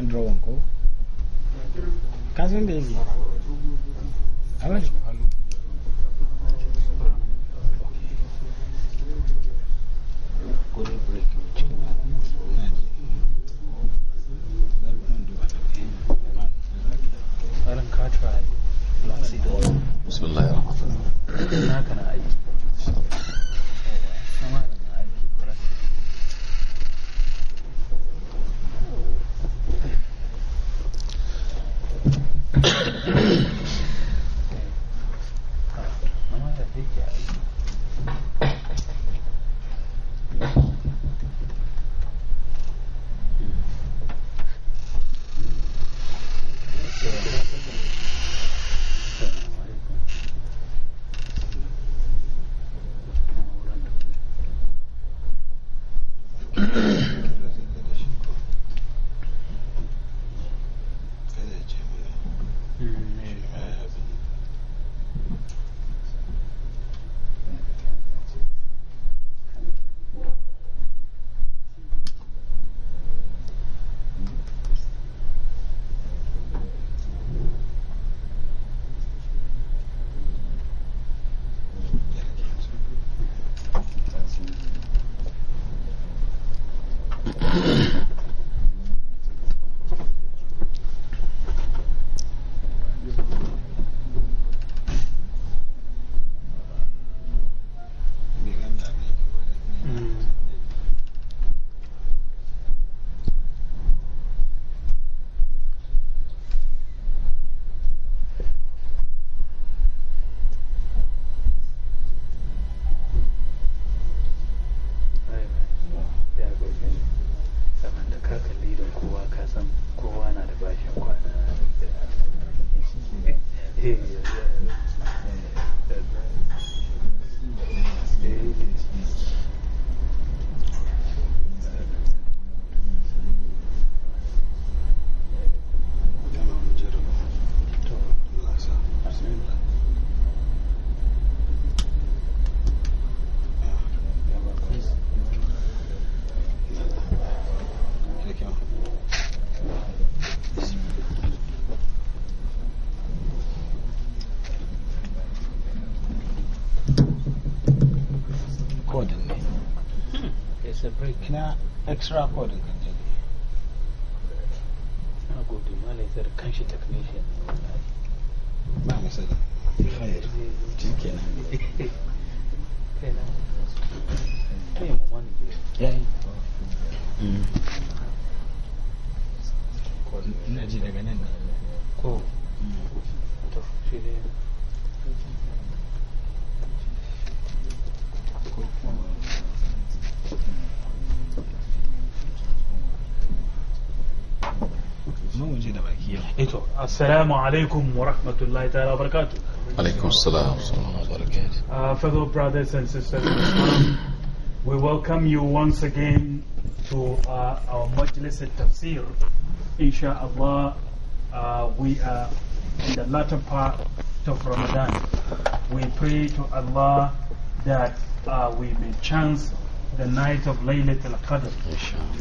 cikin drawan ko ka san da extra coding. Assalamu alaikum wa rahmatullahi ta'ala wa Alaykum Alaikum assalam wa barakatuh. Uh, fellow brothers and sisters, we welcome you once again to uh, our Majlis al Tafsir. Insha'Allah, uh, we are in the latter part of Ramadan. We pray to Allah that uh, we may chance the night of Laylatul Qadr.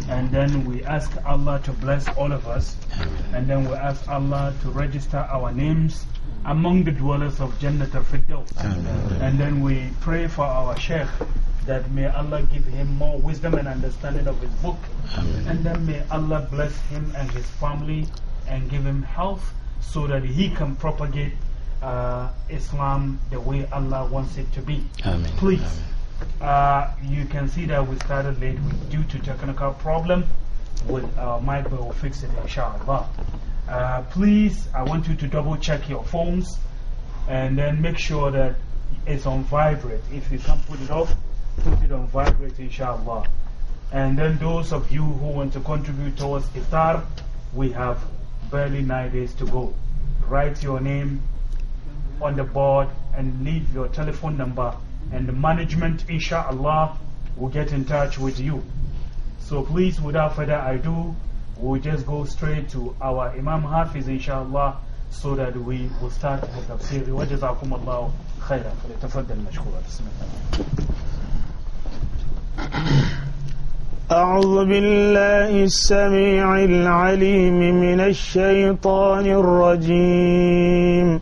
And then we ask Allah to bless all of us. And then we ask Allah to register our names among the dwellers of Jannat al Firdaus. And then we pray for our Sheikh that may Allah give him more wisdom and understanding of his book. And then may Allah bless him and his family and give him health so that he can propagate uh, Islam the way Allah wants it to be. Please. Amen. Uh, you can see that we started late with, due to technical problem with our mic, but we'll fix it inshallah. Uh, please, I want you to double check your phones and then make sure that it's on vibrate. If you can't put it off, put it on vibrate inshallah. And then those of you who want to contribute towards iftar, we have barely nine days to go. Write your name on the board and leave your telephone number and the management, inshallah, will get in touch with you. So please, without further ado, we'll just go straight to our Imam Hafiz, inshallah, so that we will start the tafsir. وَجَزَاكُمَ اللَّهُ خَيْرًا فَلْيَتَفَضَّلْ مَشْكُورًا بسم الله أعوذ بالله السميع العليم من الشيطان الرجيم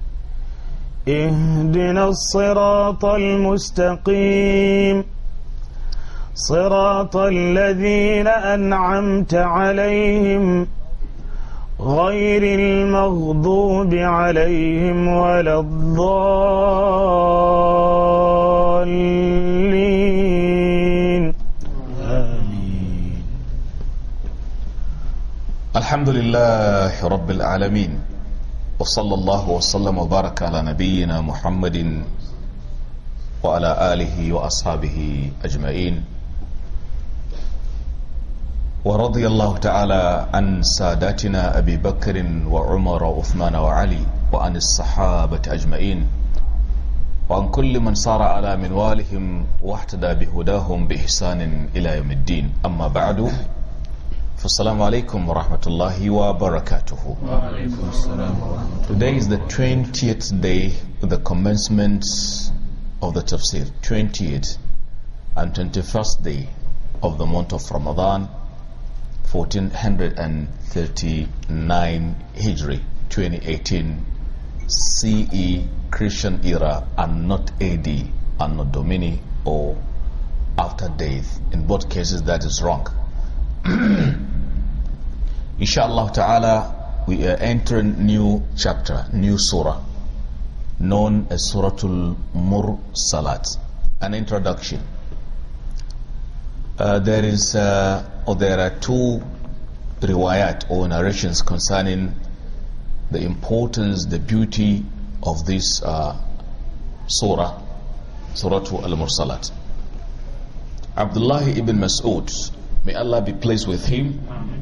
اهدنا الصراط المستقيم صراط الذين أنعمت عليهم غير المغضوب عليهم ولا الضالين آمين الحمد لله رب العالمين وصلى الله وسلم وبارك على نبينا محمد وعلى آله وأصحابه أجمعين ورضي الله تعالى عن ساداتنا أبي بكر وعمر وعثمان وعلي وعن الصحابة أجمعين وعن كل من صار على منوالهم واحتدى بهداهم بإحسان إلى يوم الدين أما بعد Assalamu alaikum wa rahmatullahi wa barakatuhu. Today is the 20th day of the commencement of the tafsir, 20th and 21st day of the month of Ramadan, 1439 Hijri, 2018 CE Christian era and not AD and not Domini or after death. In both cases, that is wrong. Inshallah ta'ala, we are entering new chapter, new surah, known as Suratul Mursalat, an introduction. Uh, there is, uh, or there are two riwayat or narrations concerning the importance, the beauty of this uh, surah, Suratul Al-Mursalat. Abdullah ibn Mas'ud, may Allah be pleased with him. Amen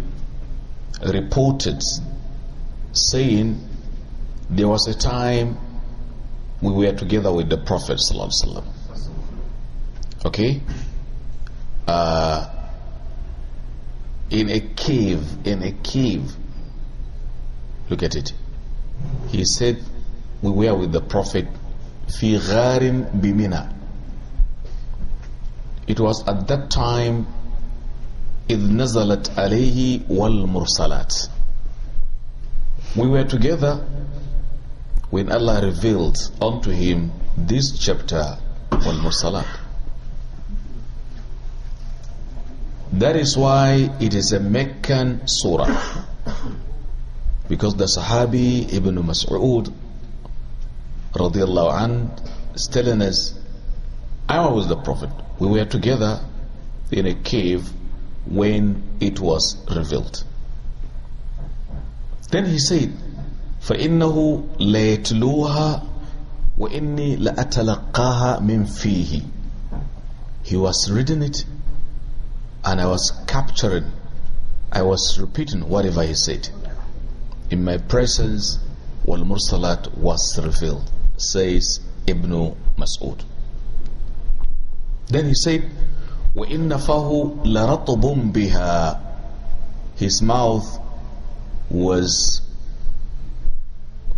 reported saying there was a time we were together with the Prophet okay uh, in a cave in a cave look at it he said we were with the Prophet fi gharin bimina it was at that time إذ نزلت عليه والمرسلات We were together when Allah revealed unto him this chapter والمرسلات That is why it is a Meccan surah because the Sahabi Ibn Mas'ud radiallahu an is telling us I was the Prophet we were together in a cave when it was revealed. Then he said, فإنه ليتلوها وإني لأتلقاها من فيه. He was reading it and I was capturing, I was repeating whatever he said. In my presence, wal mursalat was revealed, says Ibn Mas'ud. Then he said, وَإِنَّ فَهُ لَرَطُبٌ بِهَا His mouth was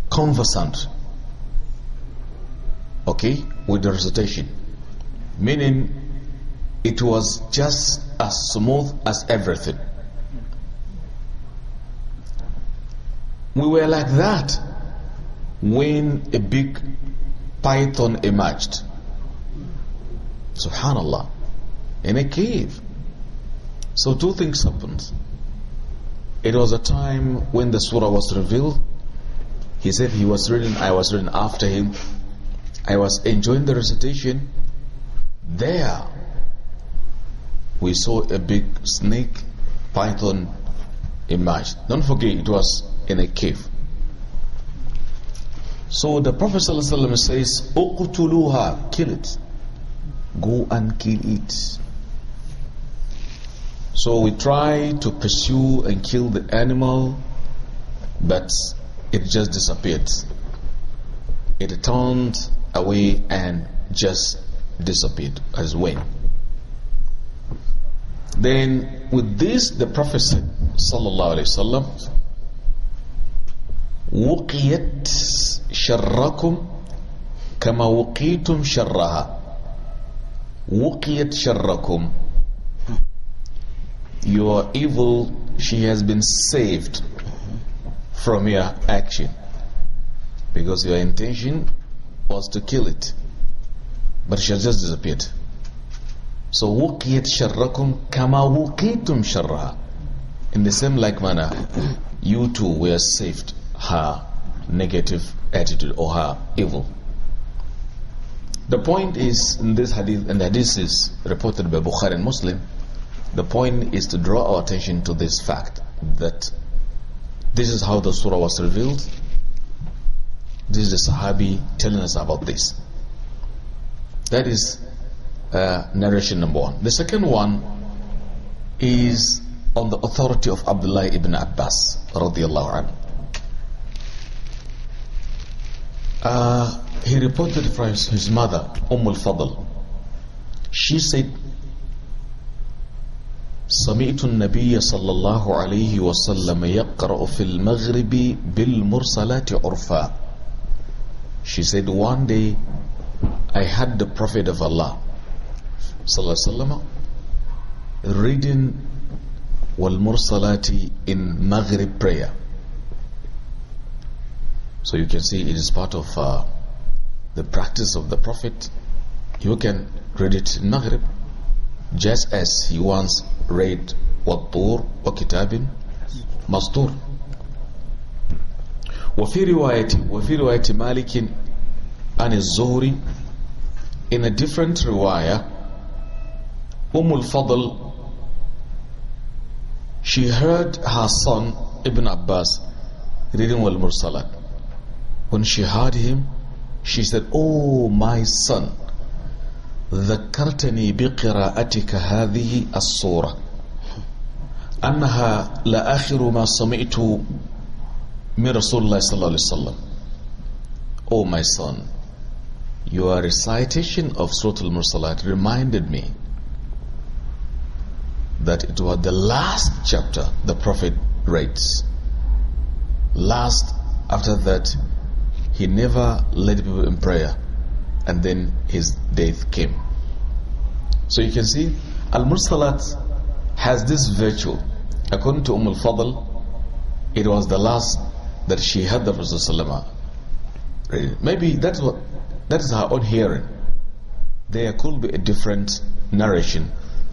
conversant, okay, with the recitation. Meaning, it was just as smooth as everything. We were like that when a big python emerged. Subhanallah in a cave. So two things happened. It was a time when the surah was revealed. He said he was reading, I was reading after him. I was enjoying the recitation. There, we saw a big snake python emerge. Don't forget, it was in a cave. So the Prophet ﷺ says, "Uqtuluha, kill it. Go and kill it." So we try to pursue and kill the animal, but it just disappeared. It turned away and just disappeared as well. Then, with this, the Prophet said, Sallallahu Wasallam, وقيت شركم كما وقيتم شرها وقيت شركم your evil, she has been saved from your action. Because your intention was to kill it. But she has just disappeared. So wukit شركم kama wukitum شرها In the same like manner, you too were saved her negative attitude or her evil. The point is in this hadith, and the hadith is reported by Bukhari and Muslim, the point is to draw our attention to this fact that this is how the surah was revealed. This is the Sahabi telling us about this. That is uh, narration number one. The second one is on the authority of Abdullah ibn Abbas radiallahu anhu. Uh, he reported from his mother, Umm al-Fadl. She said, سمعت النبي صلى الله عليه وسلم يقرأ في المغرب بالمرسلات عرفا She said one day I had the Prophet of Allah صلى الله عليه وسلم reading والمرسلات in Maghrib prayer So you can see it is part of uh, the practice of the Prophet. You can read it in Maghrib just as he once read والطور وكتاب مسطور وفي رواية وفي رواية Malikin, an الزهري in a different riwayah Umm fadl she heard her son Ibn Abbas reading Wal Mursalat when she heard him she said oh my son ذكرتني بقراءتك هذه الصورة أنها لآخر ما سمعت من رسول الله صلى الله عليه وسلم Oh my son, your recitation of Surah Al-Mursalat reminded me that it was the last chapter the Prophet writes. Last, after that, he never led people in prayer and then his death came. So you can see Al Mursalat has this virtue. According to Umm al Fadl, it was the last that she had the Rasulullah. Maybe that's what, that is her own hearing. There could be a different narration,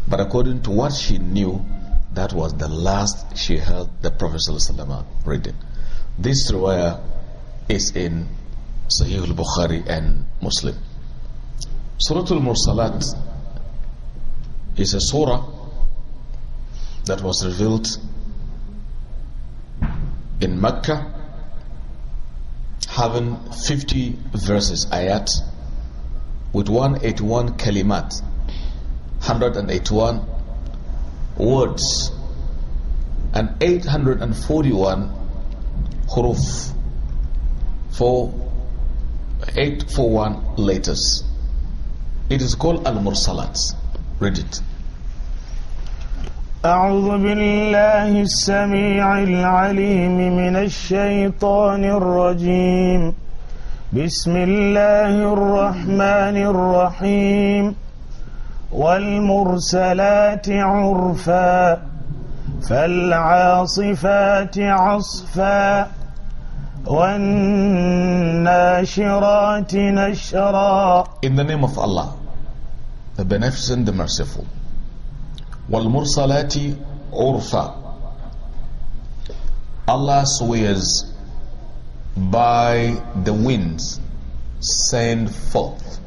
but according to what she knew, that was the last she heard the Prophet reading. This riwayah is in Sahih al-Bukhari and Muslim. Suratul Mursalat is a surah that was revealed in Mecca having 50 verses, ayat, with 181 kalimat, 181 words, and 841 huruf, for 841 letters. It is called Al-Mursalat. Read it. أعوذ بالله السميع العليم من الشيطان الرجيم بسم الله الرحمن الرحيم والمرسلات عرفا فالعاصفات عصفا In the name of Allah, the Beneficent, the Merciful. والمرسلات عرفا Allah swears by the winds send forth.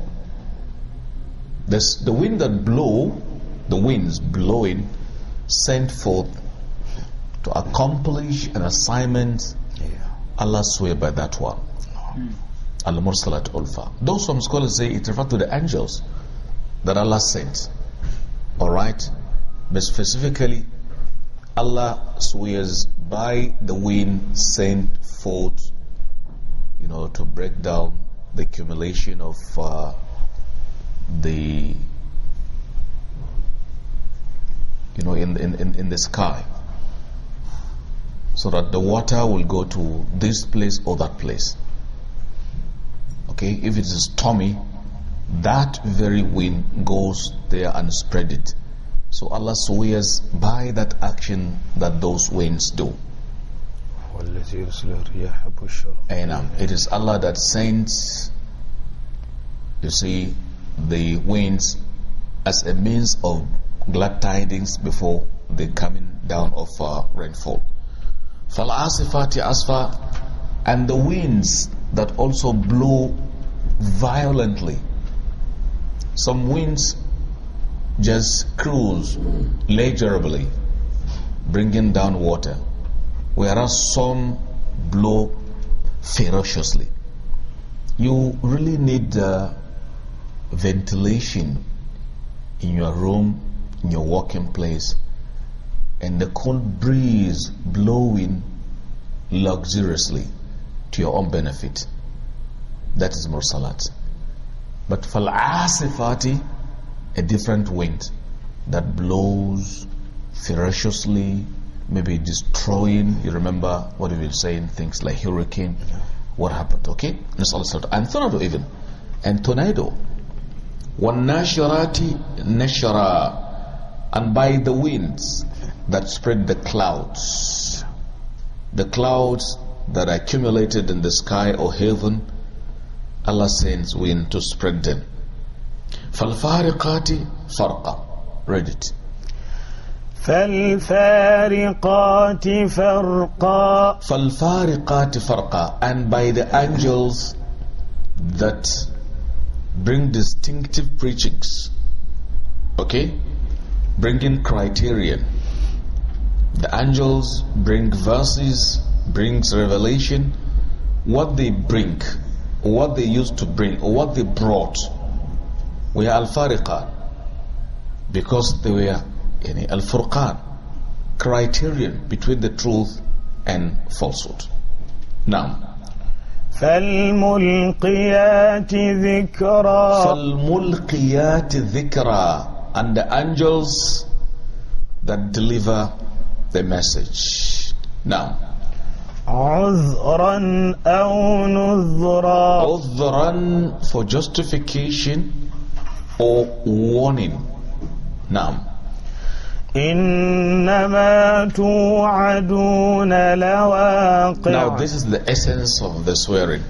This, the wind that blow, the winds blowing, sent forth to accomplish an assignment Allah swear by that one. Al-Mursalat Ulfa. Though some scholars say it refers to the angels that Allah sent. Alright? But specifically, Allah swears by the wind sent forth, you know, to break down the accumulation of uh, the, you know, in, in, in the sky so that the water will go to this place or that place. Okay, if it is stormy, that very wind goes there and spread it. So Allah swears by that action that those winds do. And um, it is Allah that sends, you see, the winds as a means of glad tidings before the coming down of uh, rainfall. فَالْعَاصِفَاتِ asfa, And the winds that also blow violently. Some winds just cruise leisurely, bringing down water, whereas some blow ferociously. You really need uh, ventilation in your room, in your working place, and the cold breeze blowing luxuriously to your own benefit. That is mursalat. But falasifati, a different wind that blows ferociously, maybe destroying. You remember what we were saying, things like hurricane. What happened? Okay, and tornado even, and tornado. One nashirati nashara, and by the winds that spread the clouds. The clouds that accumulated in the sky or heaven, Allah sends wind to spread them. فالفارقات فرقا Read it. فالفارقات فرقا فالفارقات فرقا And by the angels that bring distinctive preachings. Okay? Bringing criterion the angels bring verses, brings revelation. What they bring, what they used to bring, what they brought, we are al-fariqa because they were any al-furqan, criterion between the truth and falsehood. Now. فالملقيات ذكرا فالملقيات ذكرا and the angels that deliver the message. Now. عذرا أو نذرا عذرا for justification or warning. Now. إنما توعدون لواقع Now this is the essence of the swearing.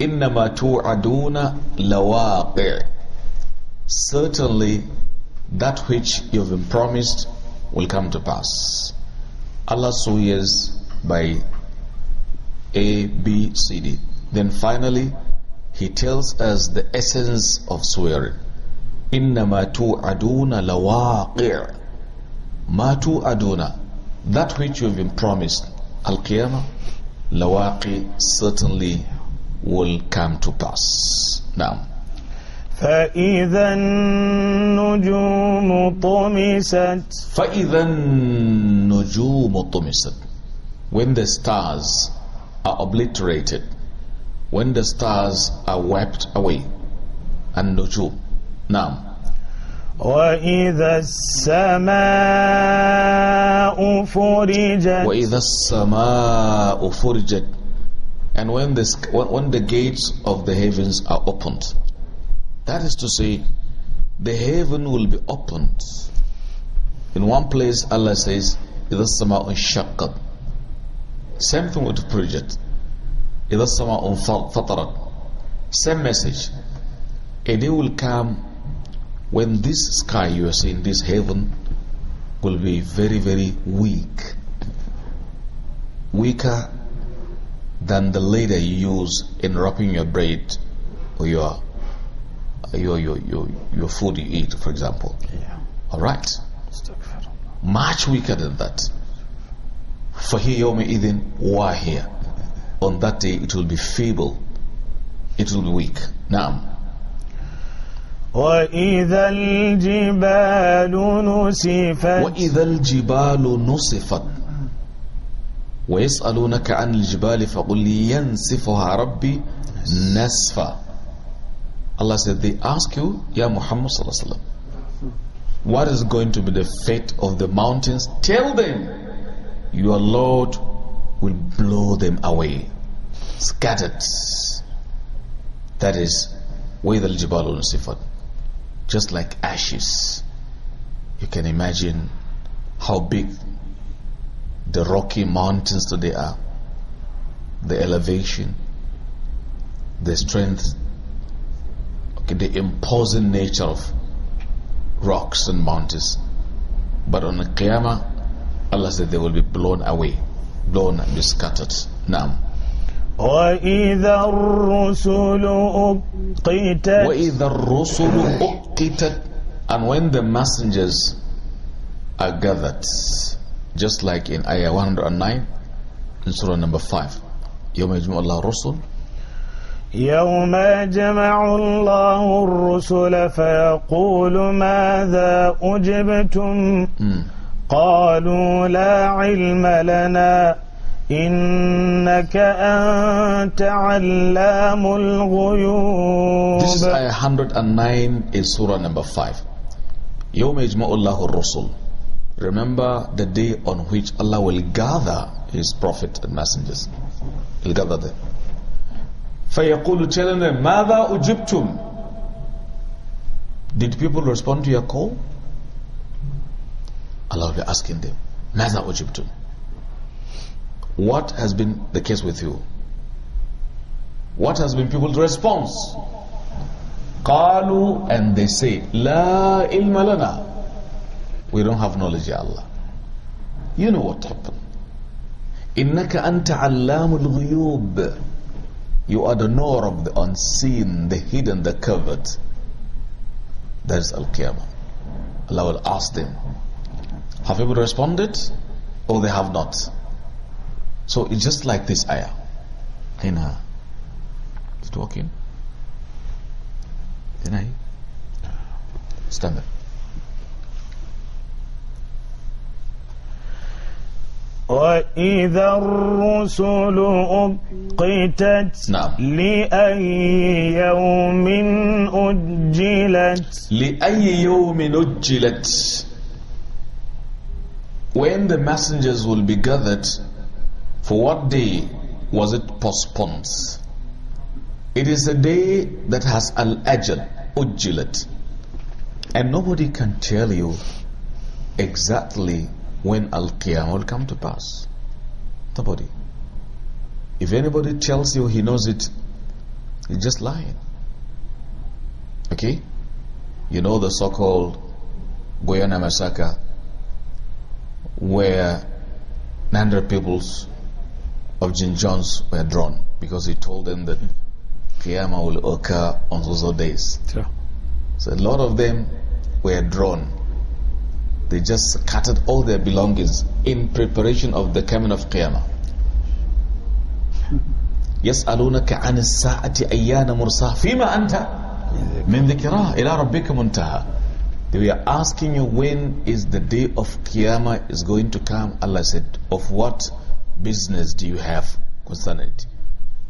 إنما توعدون لواقع Certainly that which you've been promised will come to pass. Allah swears by A, B, C, D. Then finally, he tells us the essence of swearing. إِنَّمَا تُوعَدُونَ لَوَاقِعٌ مَا تُوعَدُونَ That which you've been promised, Al-Qiyamah, lawaqi certainly will come to pass. Now, فإذا النجوم طمست فإذا النجوم طمست when the stars are obliterated when the stars are wiped away النجوم نعم وإذا السماء فرجت وإذا السماء فرجت and when the, when the gates of the heavens are opened That is to say, the heaven will be opened. In one place, Allah says, إِذَا السَّمَاءُ انشَقَّتْ Same thing with the project. إِذَا السَّمَاءُ فَطَرَتْ Same message. A day will come when this sky you are seeing, this heaven, will be very, very weak. Weaker than the ladder you use in wrapping your bread or your your your your, your food you eat, for example. Yeah. All right. Much weaker than that. For here, idin wahir. On that day, it will be feeble. It will be weak. Now. وإذا الجبال نسفت وإذا الجبال نسفت ويسألونك عن الجبال فقل ينصفها ربي نسفا Allah said, they ask you, Ya Muhammad Sallallahu Alaihi Wasallam, what is going to be the fate of the mountains? Tell them, your Lord will blow them away, scattered. That is, with al jibalun sifat, just like ashes. You can imagine how big the rocky mountains today are, the elevation, the strength the imposing nature of rocks and mountains. But on the Qiyamah, Allah said they will be blown away, blown and be scattered. Now. وإذا الرسل أقتت وإذا الرسل أقتت And when the messengers are gathered, just like in Ayah 109, in Surah number 5, يوم يجمع الله الرسل يوم يجمع الله الرسل فيقول ماذا أجبتم قالوا لا علم لنا إنك أنت علام الغيوب This is ayah 109 in surah number 5 يوم يجمع الله الرسل Remember the day on which Allah will gather His prophet and messengers He'll gather them فَيَقُولُ Telling مَاذَا أُجِبْتُمْ Did people respond to your call? Allah will be asking them, مَاذَا أُجِبْتُمْ What has been the case with you? What has been people's response? قالوا and they say لا علم لنا we don't have knowledge ya Allah you know what happened إنك أنت علام الغيوب you are the knower of the unseen, the hidden, the covered. That is Al Qiyamah. Allah will ask them, Have people responded? Or they have not? So it's just like this ayah. Hina. Is it working? I? Stand up. وإذا الرسل أقتت نعم لأي يوم أجلت لأي يوم أجلت When the messengers will be gathered, for what day was it postponed? It is a day that has al-ajal, ujjilat. And nobody can tell you exactly when Al Qiyamah will come to pass. Nobody. If anybody tells you he knows it, he's just lying. Okay? You know the so called Guyana massacre where 900 peoples of Jin Jones were drawn because he told them that Qiyamah will occur on those days. Sure. So a lot of them were drawn they just scattered all their belongings in preparation of the coming of Qiyamah. يسألونك عن الساعة أيان مرساها فيما أنت من ذكرها إلى ربك منتهى They were asking you when is the day of Qiyamah is going to come. Allah said, of what business do you have concerning it?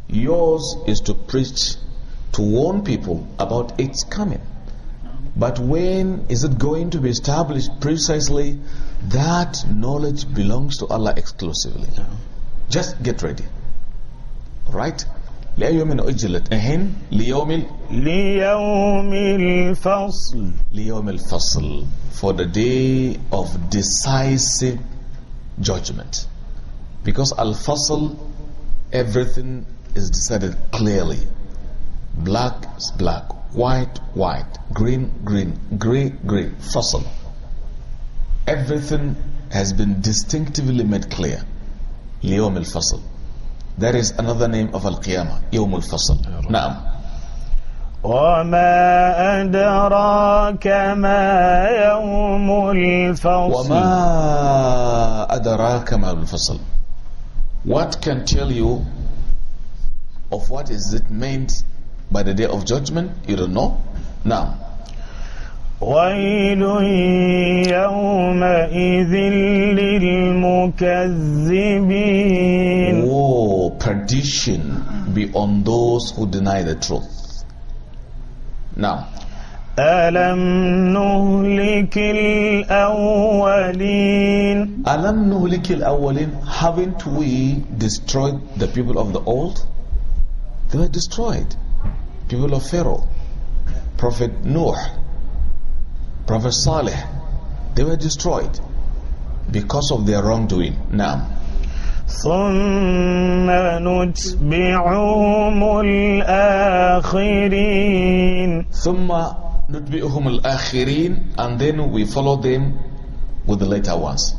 Yours is to preach, to warn people about its coming. But when is it going to be established precisely? That knowledge belongs to Allah exclusively. Just get ready. Right? لأي يوم أجلت أهن ليوم ال... ليوم الفصل ليوم الفصل for the day of decisive judgment because al-fasl everything is decided clearly black is black white, white, green, green, gray, gray, fossil. Everything has been distinctively made clear. ليوم الفصل. That is another name of Al-Qiyamah, يوم الفصل. نعم. وما أدراك ما يوم الفصل وما أدراك ما الفصل What can tell you of what is it meant by the day of judgment? You don't know? Now. ويل يومئذ للمكذبين Woe, oh, perdition be on those who deny the truth. Now. ألم نهلك الأولين ألم نهلك الأولين Haven't we destroyed the people of the old? They were destroyed people of Pharaoh, Prophet Noah, Prophet Saleh, they were destroyed because of their wrongdoing. Now, ثم نتبعهم الآخرين ثم نتبعهم الآخرين and then we follow them with the later ones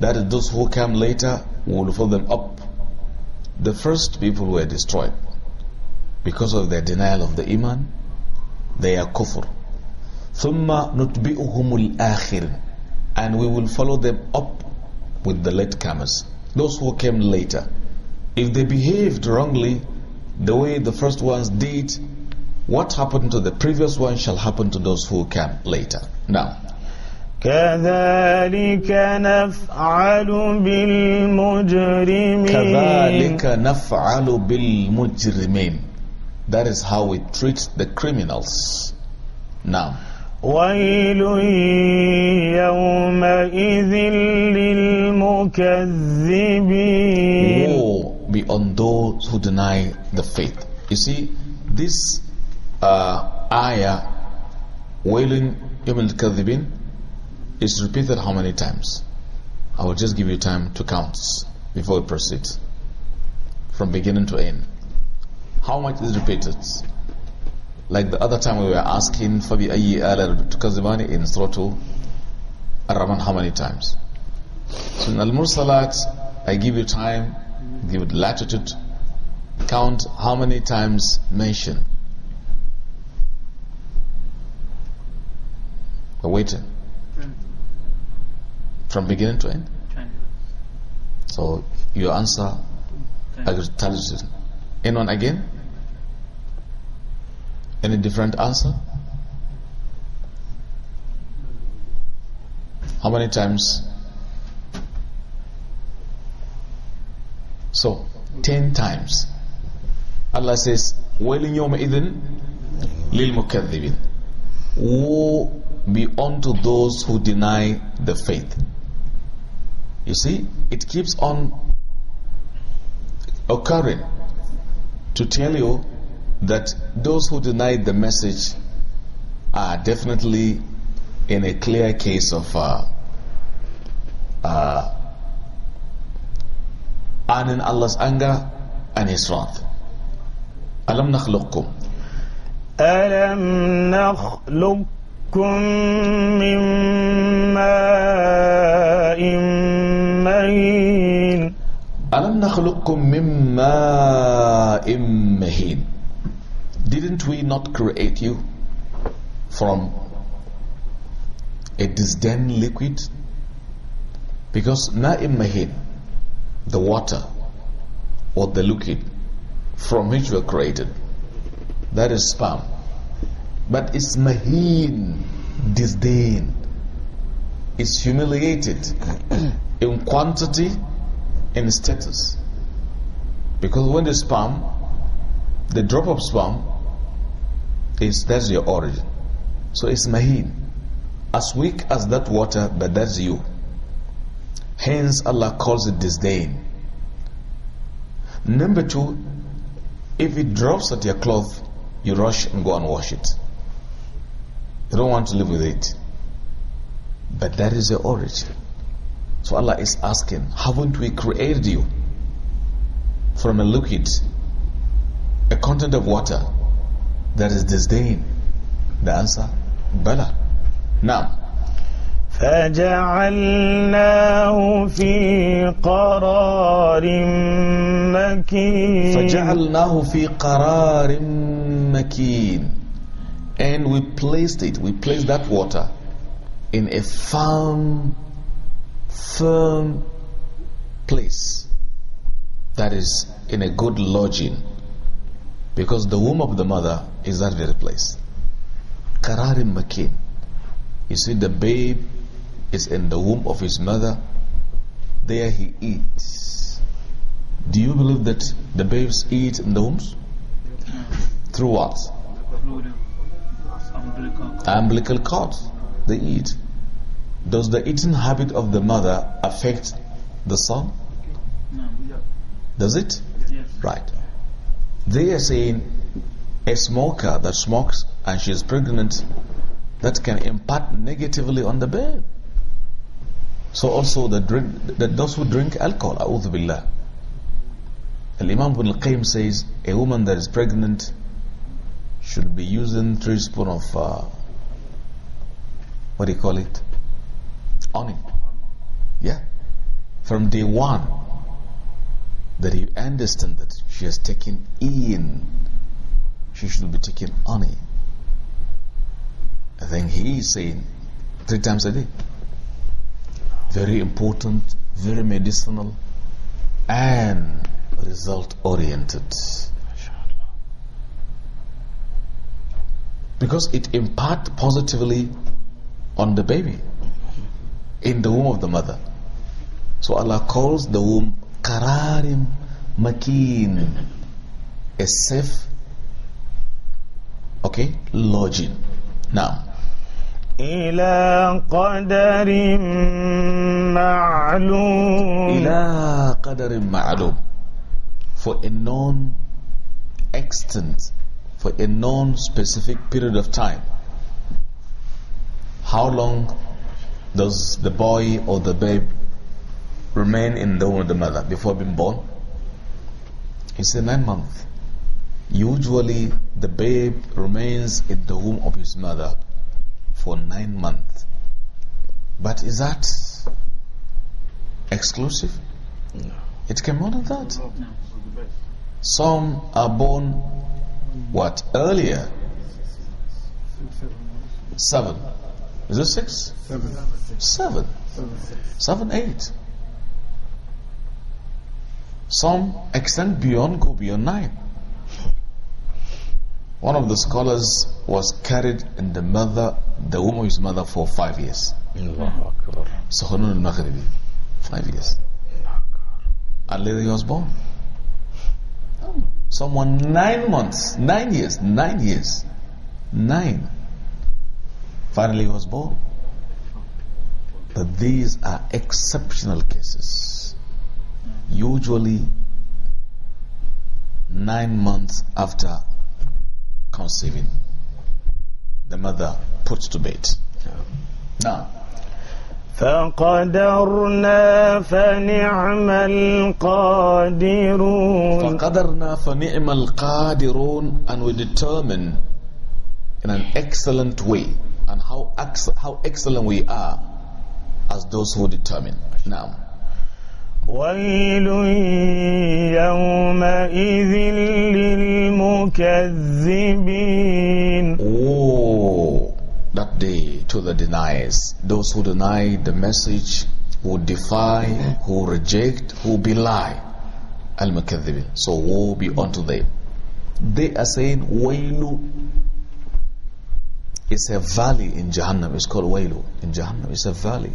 that is those who come later we will follow them up the first people were destroyed because of their denial of the iman they are kufr ثم نتبئهم الآخر and we will follow them up with the latecomers those who came later if they behaved wrongly the way the first ones did what happened to the previous one shall happen to those who came later now كذلك نفعل بالمجرمين كذلك نفعل بالمجرمين that is how we treat the criminals. Now. ويل يومئذ للمكذبين Woe be on those who deny the faith. You see, this uh, ayah, wailing يوم الكذبين, is repeated how many times? I will just give you time to count before we proceed. From beginning to end. How much is repeated? Like the other time we were asking فَبِأَيِّ آلَ تُكَذِّبَانِ in Srotu, Ar-Rahman how many times? So in Al-Mursalat, I give you time, give latitude, count how many times mentioned. We're waiting. From beginning to end? So your answer, you. Anyone again? Any different answer? How many times? So, ten times. Allah says, وَيْلٍ يَوْمَئِذٍ لِلْمُكَذِّبِينَ Woe be unto those who deny the faith. You see, it keeps on occurring to tell you that those who deny the message are definitely in a clear case of uh, uh, earning Allah's anger and His wrath. Alam nakhluqkum. Alam nakhluqkum mimma immain. Alam nakhluqkum mimma immain. didn't we not create you from a disdain liquid? Because Na'im Mahin, the water or the liquid from which we are created, that is sperm. But it's Mahin, disdain. It's humiliated in quantity and status. Because when the sperm, the drop of sperm is that's your origin. So it's Mahin. As weak as that water, but that's you. Hence Allah calls it disdain. Number two, if it drops at your cloth, you rush and go and wash it. You don't want to live with it. But that is your origin. So Allah is asking, haven't we created you from a liquid, a content of water, there is disdain. The answer, Bala. Now. فجعلناه في قرار مكين فجعلناه في قرار مكين and we placed it we placed that water in a firm firm place that is in a good lodging because the womb of the mother is that very place. Qararim Makin. You see, the babe is in the womb of his mother. There he eats. Do you believe that the babes eat in the wombs? Through what? Umbilical cord. They eat. Does the eating habit of the mother affect the son? Does it? Right. They are saying a smoker that smokes and she is pregnant, that can impact negatively on the babe. So also the drink, the, those who drink alcohol, a'udhu billah. Al-Imam Ibn al-Qayyim says, a woman that is pregnant should be using three spoon of, uh, what do you call it? Oni. Yeah. From day one, that you understand that she has taken in she should be taking honey. And then he is saying three times a day. Very important, very medicinal, and result oriented. Because it impacts positively on the baby in the womb of the mother. So Allah calls the womb Kararim Makin, a safe okay lodging now إلى قدر معلوم إلى قدر معلوم for a known extent for a known specific period of time how long does the boy or the babe remain in the womb of the mother before being born he said nine months Usually, the babe remains in the womb of his mother for nine months. But is that exclusive? No. It can more than that. No. Some are born what earlier? Seven. Is it six? Seven. Seven. Seven, Eight. Some extend beyond, go beyond nine. One of the scholars was carried in the mother, the womb his mother for five years. Suhunun al-Maghribi, five years. And later he was born. Someone nine months, nine years, nine years, nine. Finally he was born. But these are exceptional cases. Usually, nine months after conceiving. The mother puts to bed. Now, فقدرنا فنعم القادرون فقدرنا فنعم القادرون and we determine in an excellent way and how, ex how excellent we are as those who determine. Now. ويل يومئذ للمكذبين oh, that day to the deniers, those who deny the message, who defy, who reject, who belie. Al-Mukadhibin. So woe be unto them. They are saying Wailu It's a valley in Jahannam. It's called Wailu in Jahannam. It's a valley.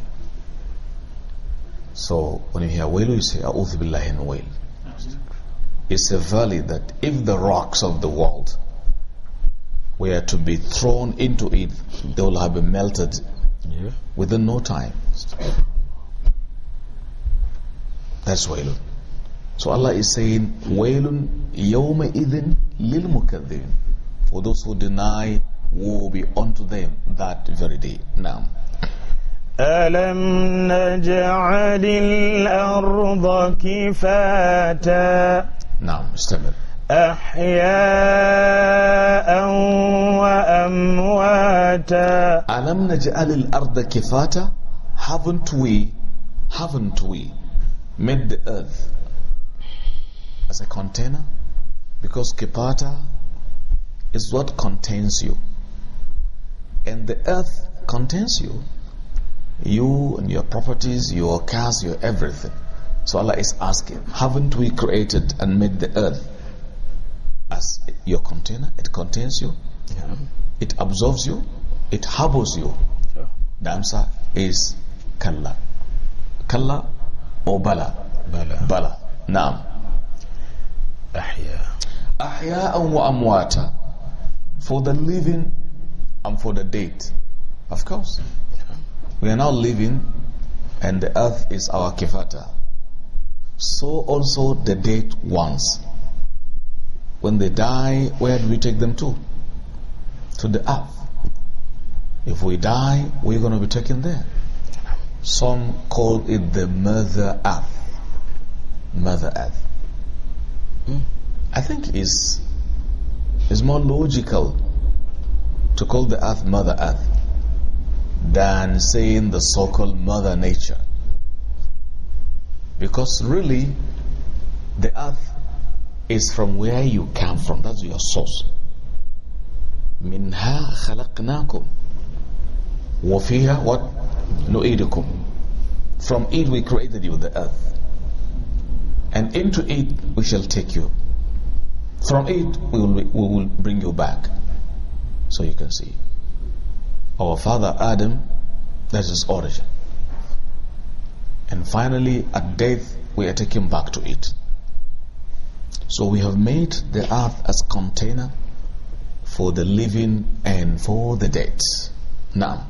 So when you hear wailu, you say, A'udhu billahi wail. It's a valley that if the rocks of the world were to be thrown into it, they will have been melted yeah. within no time. That's wailun. So Allah is saying, wailun yawma idhin lil mukaddim." For those who deny, woe be unto them that very day. Now. ألم نجعل الأرض كفاتا نعم استمر أحياء وأمواتا ألم نجعل الأرض كفاتا haven't we haven't we made the earth as a container because kipata is what contains you and the earth contains you You and your properties, your cars, your everything. So Allah is asking, haven't we created and made the earth as your container? It contains you, yeah. it absorbs you, it harbors you. Yeah. The answer is Kalla. Kalla or Bala? Bala. Bala. Naam. Ahya. Ahya'an wa amwata. For the living and for the dead. Of course. We are now living and the earth is our kifata. So also the dead ones. When they die, where do we take them to? To the earth. If we die, we're going to be taken there. Some call it the Mother Earth. Mother Earth. Hmm. I think it's, it's more logical to call the Earth Mother Earth than saying the so called Mother Nature. Because really, the earth is from where you come from, that's your source. منها خلقناكم وفيها what نؤيدكم from it we created you the earth and into it we shall take you from it we will, we will bring you back so you can see our father Adam, that's his origin. And finally, at death, we are taken back to it. So we have made the earth as container for the living and for the dead. Now,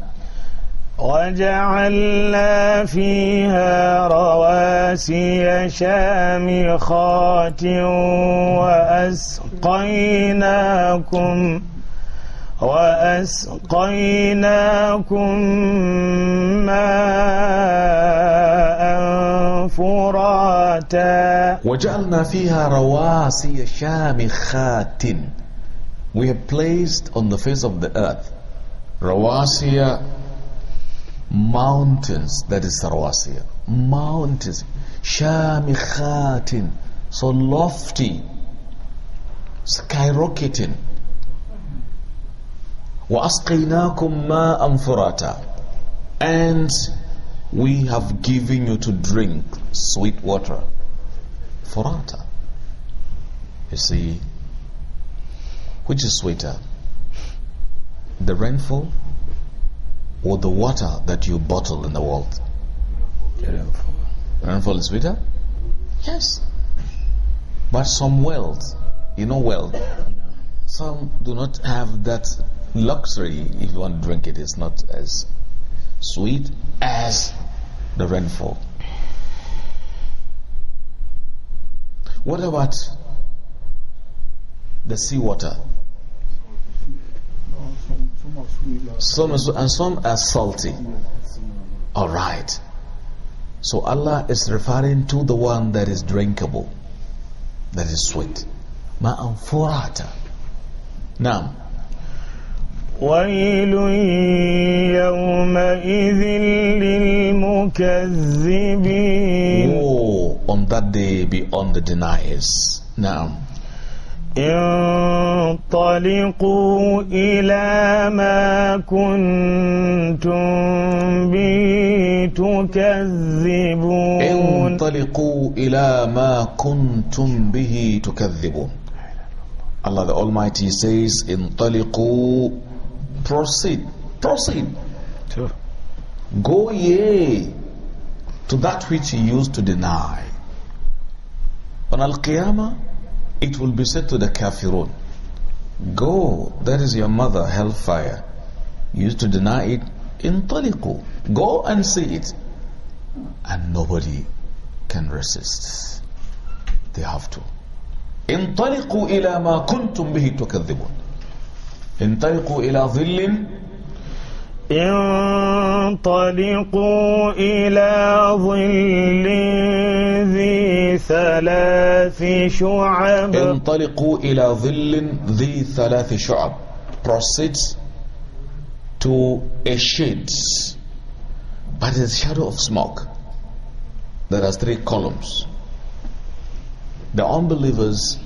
وجعلنا فيها رواسي شامخات وأسقيناكم وأسقيناكم ماء فراتا وجعلنا فيها رواسي شامخات We have placed on the face of the earth Rawasiya mountains that is Rawasiya mountains Shamikhatin so lofty skyrocketing وَأَسْقَيْنَاكُمْ مَاءً فُرَاتًا And we have given you to drink sweet water. Furata. You see, which is sweeter? The rainfall or the water that you bottle in the world? Rainfall. Rainfall is sweeter? Yes. But some wells, you know, well, some do not have that luxury if you want to drink it. It's not as sweet as the rainfall. What about the seawater? Some and some are salty. All right. So Allah is referring to the one that is drinkable, that is sweet. Ma'am furata. Now, ويل يومئذ للمكذبين Oh, on that day be on the deniers. Now. انطلقوا إلى ما كنتم به تكذبون انطلقوا إلى ما كنتم به تكذبون Allah the Almighty says انطلقوا proceed. Proceed. Sure. Go ye to that which you used to deny. On Al Qiyamah, it will be said to the Kafirun, Go, that is your mother, hellfire. You used to deny it. Intaliqu. Go and see it. And nobody can resist. They have to. انطلقوا ila ma kuntum bihi تكذبون انطلقوا إلى ظل انطلقوا إلى ظل ذي ثلاث شعب انطلقوا إلى ظل ذي ثلاث شعب proceeds to a shade but it's a shadow of smoke there are three columns the unbelievers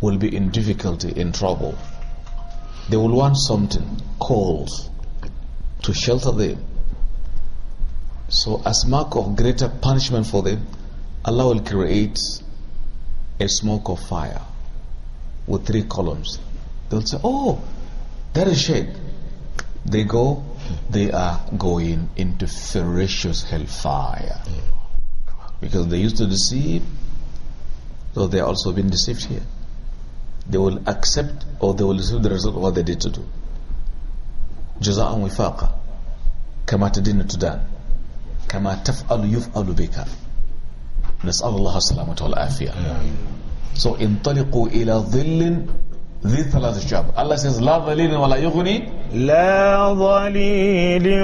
will be in difficulty in trouble They will want something cold to shelter them. So, as mark of greater punishment for them, Allah will create a smoke of fire with three columns. They'll say, "Oh, that is shade." They go, they are going into ferocious hellfire because they used to deceive, so they are also being deceived here. they will accept or they will receive the result of what they did to do. جزاء وفاقا كما تدين تدان كما تفعل يفعل بك نسأل الله السلامة والعافية so انطلقوا إلى ظل ذي ثلاث شعب الله says لا ظليل ولا يغني لا ظليل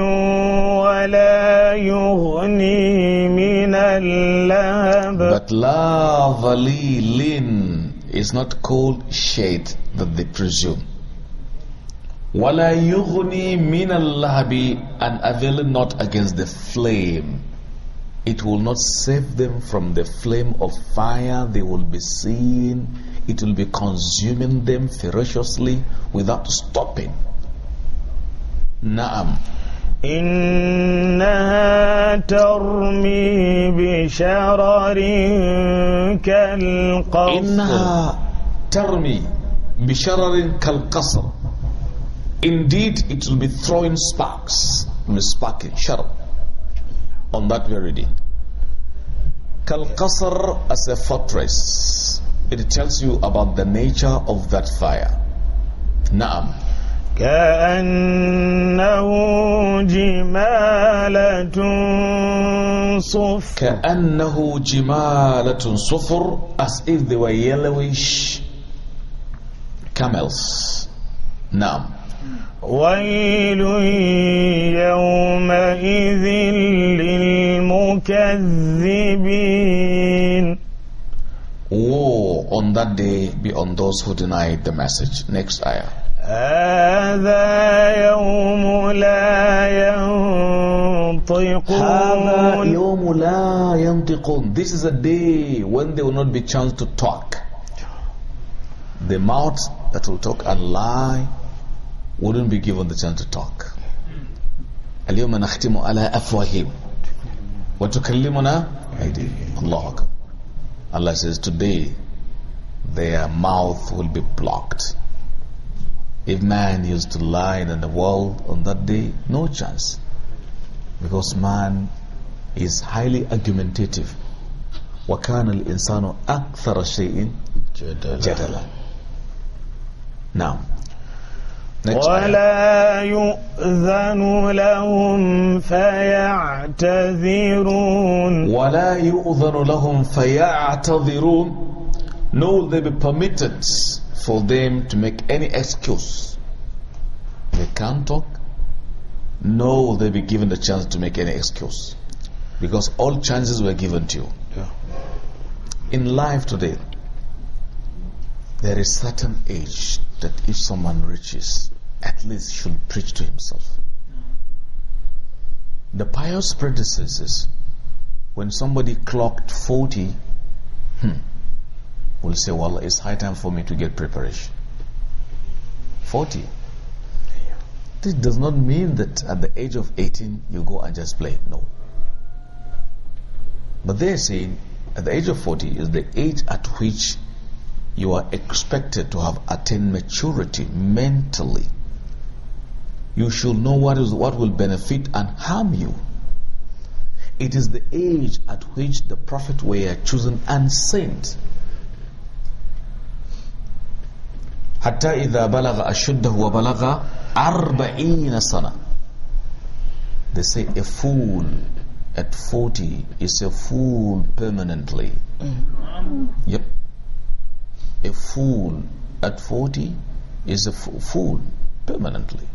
ولا يغني من اللهب but لا ظليل is not cold shade that they presume. وَلَا يُغْنِي مِنَ اللَّهَبِ And avail not against the flame. It will not save them from the flame of fire. They will be seen. It will be consuming them ferociously without stopping. Naam. إنها ترمي بشرر كالقصر إنها ترمي بشرر كالقصر Indeed, it will be throwing sparks, sparking, sharp, on that very day. Kalqasr as a fortress, it tells you about the nature of that fire. Naam. كأنه جمالة صفر كأنه جمالة صفر as if they were yellowish camels نعم ويل يومئذ للمكذبين Woe on that day be on those who denied the message. Next ayah. هذا يوم لا ينطقون هذا يوم لا ينطقون This is a day when there will not be chance to talk The mouth that will talk and lie wouldn't be given the chance to talk اليوم نختم على أفواههم وتكلمنا أيديهم الله أكبر Allah says today their mouth will be blocked if man used to lie in the world on that day, no chance. Because man is highly argumentative. وَكَانَ الْإِنسَانُ أَكْثَرَ شَيْءٍ جَدَلًا Now, ولا يؤذن لهم فيعتذرون ولا يؤذن لهم فيعتذرون No, will they be permitted for them to make any excuse. They can't talk, nor will they be given the chance to make any excuse. Because all chances were given to you. Yeah. In life today, there is certain age that if someone reaches, at least should preach to himself. The pious predecessors, when somebody clocked 40, hmm, will say, Well, it's high time for me to get preparation. 40. This does not mean that at the age of 18 you go and just play. No. But they're saying at the age of 40 is the age at which you are expected to have attained maturity mentally. You should know what is what will benefit and harm you. It is the age at which the prophet were chosen and sent. حتى إذا بلغ أشده وبلغ أربعين سنة they say a fool at 40 is a fool permanently yep a fool at 40 is a fool permanently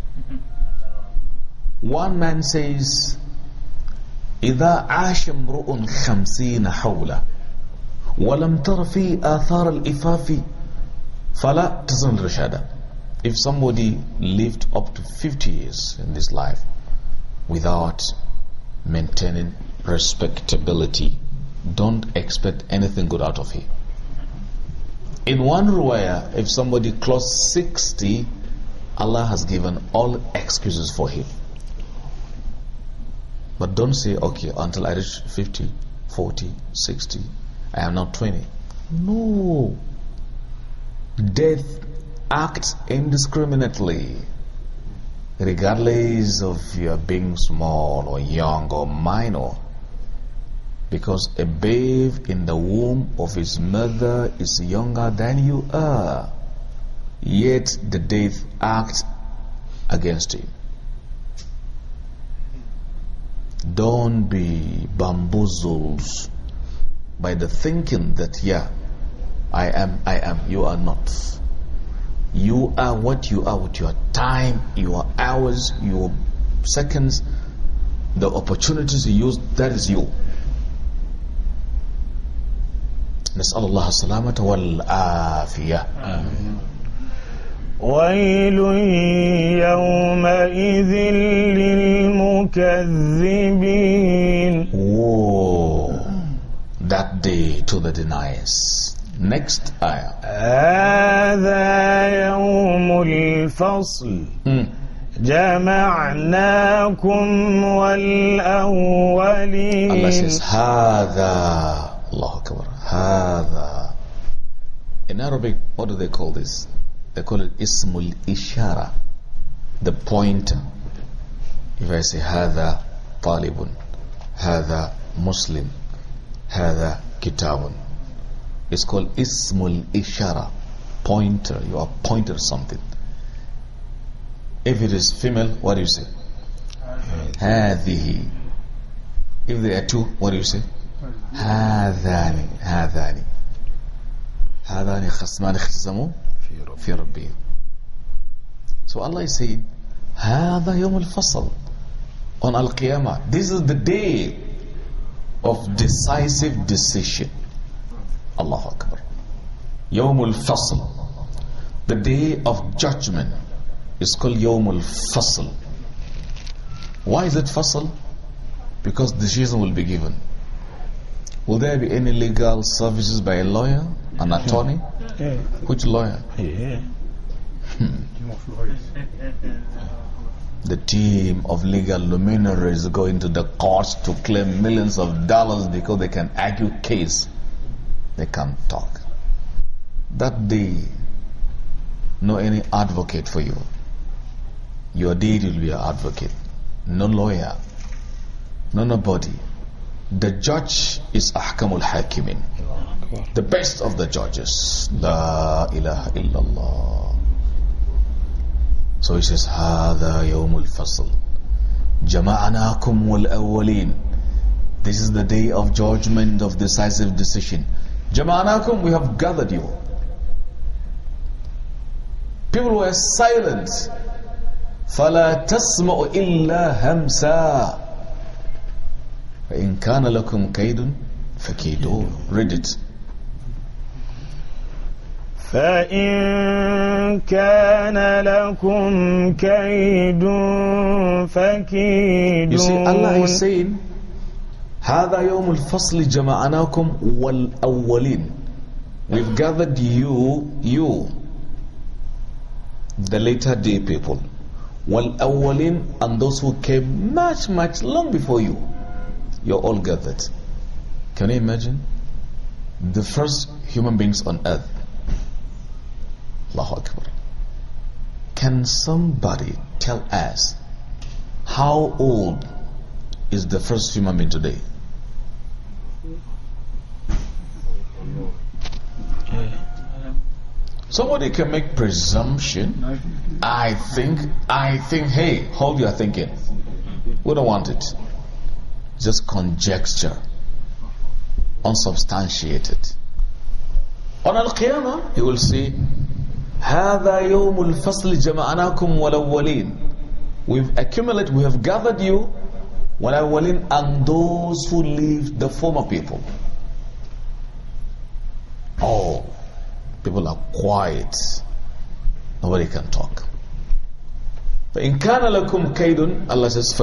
one man says إذا عاش امرؤ خمسين حوله ولم تر في آثار الإفاف Fala Tazan Rashada. If somebody lived up to 50 years in this life without maintaining respectability, don't expect anything good out of him. In one ruwaya, if somebody clocks 60, Allah has given all excuses for him. But don't say, okay, until I reach 50, 40, 60, I am now 20. No. Death acts indiscriminately, regardless of your being small or young or minor, because a babe in the womb of his mother is younger than you are. Yet the death acts against him. Don't be bamboozled by the thinking that, yeah, I am, I am, you are not. You are what you are with your time, your hours, your seconds, the opportunities you use, that is you. نسأل الله السلامة والآفية ويل يومئذ للمكذبين that day to the deniers Next ayah. هذا يوم الفصل hmm. جمعناكم والأولين Allah says هذا الله أكبر هذا In Arabic, what do they call this? They call it Ismul Ishara, the point. If I say هذا طالب هذا مسلم هذا كتاب it's called Ismul Ishara, pointer. You are pointer something. If it is female, what do you say? Hadihi. If there are two, what do you say? Hadani. Hadani. هذان خصمان اختصموا في ربهم So Allah is saying هذا يوم الفصل on Al-Qiyamah this is the day of decisive decision Allahu Akbar. Yawmul Fasl. The day of judgment is called Yawmul Fasl. Why is it Fasl? Because decision will be given. Will there be any legal services by a lawyer, an attorney? Yeah. Which lawyer? Yeah. Hmm. The team of legal luminaries going to the courts to claim millions of dollars because they can argue case they come talk. That day, no any advocate for you. Your deed will be your advocate. No lawyer. No nobody. The judge is Ahkamul Hakimin. The best of the judges. La ilaha illallah. So he says, هذا يوم الفصل جمعناكم والأولين This is the day of judgment of decisive decision. Jama'anakum, we have gathered you. People were silent. فَلَا تَسْمَعُ إِلَّا هَمْسًا فَإِنْ كَانَ لَكُمْ كَيْدٌ فَكِيدُونَ Read it. فإن كان لكم كيد فكيدون You see Allah is saying هذا يوم الفصل جمعناكم والأولين We've gathered you, you, the later day people. والأولين and those who came much, much long before you. You're all gathered. Can you imagine? The first human beings on earth. Allahu Akbar. Can somebody tell us how old is the first human being today? Somebody can make presumption. I think, I think, hey, hold your thinking. We don't want it. Just conjecture, unsubstantiated. On Al Qiyamah, you will see, هَذَا يَوْمُ الْفَصْلِ جَمَعَنَاكُمْ وَالْأَوَّلِينَ We've accumulated, we have gathered you, وَالْأَوَّلِينَ, and those who leave the former people. All people are quiet. Nobody can talk. In kana lakum kaidun, Allah says,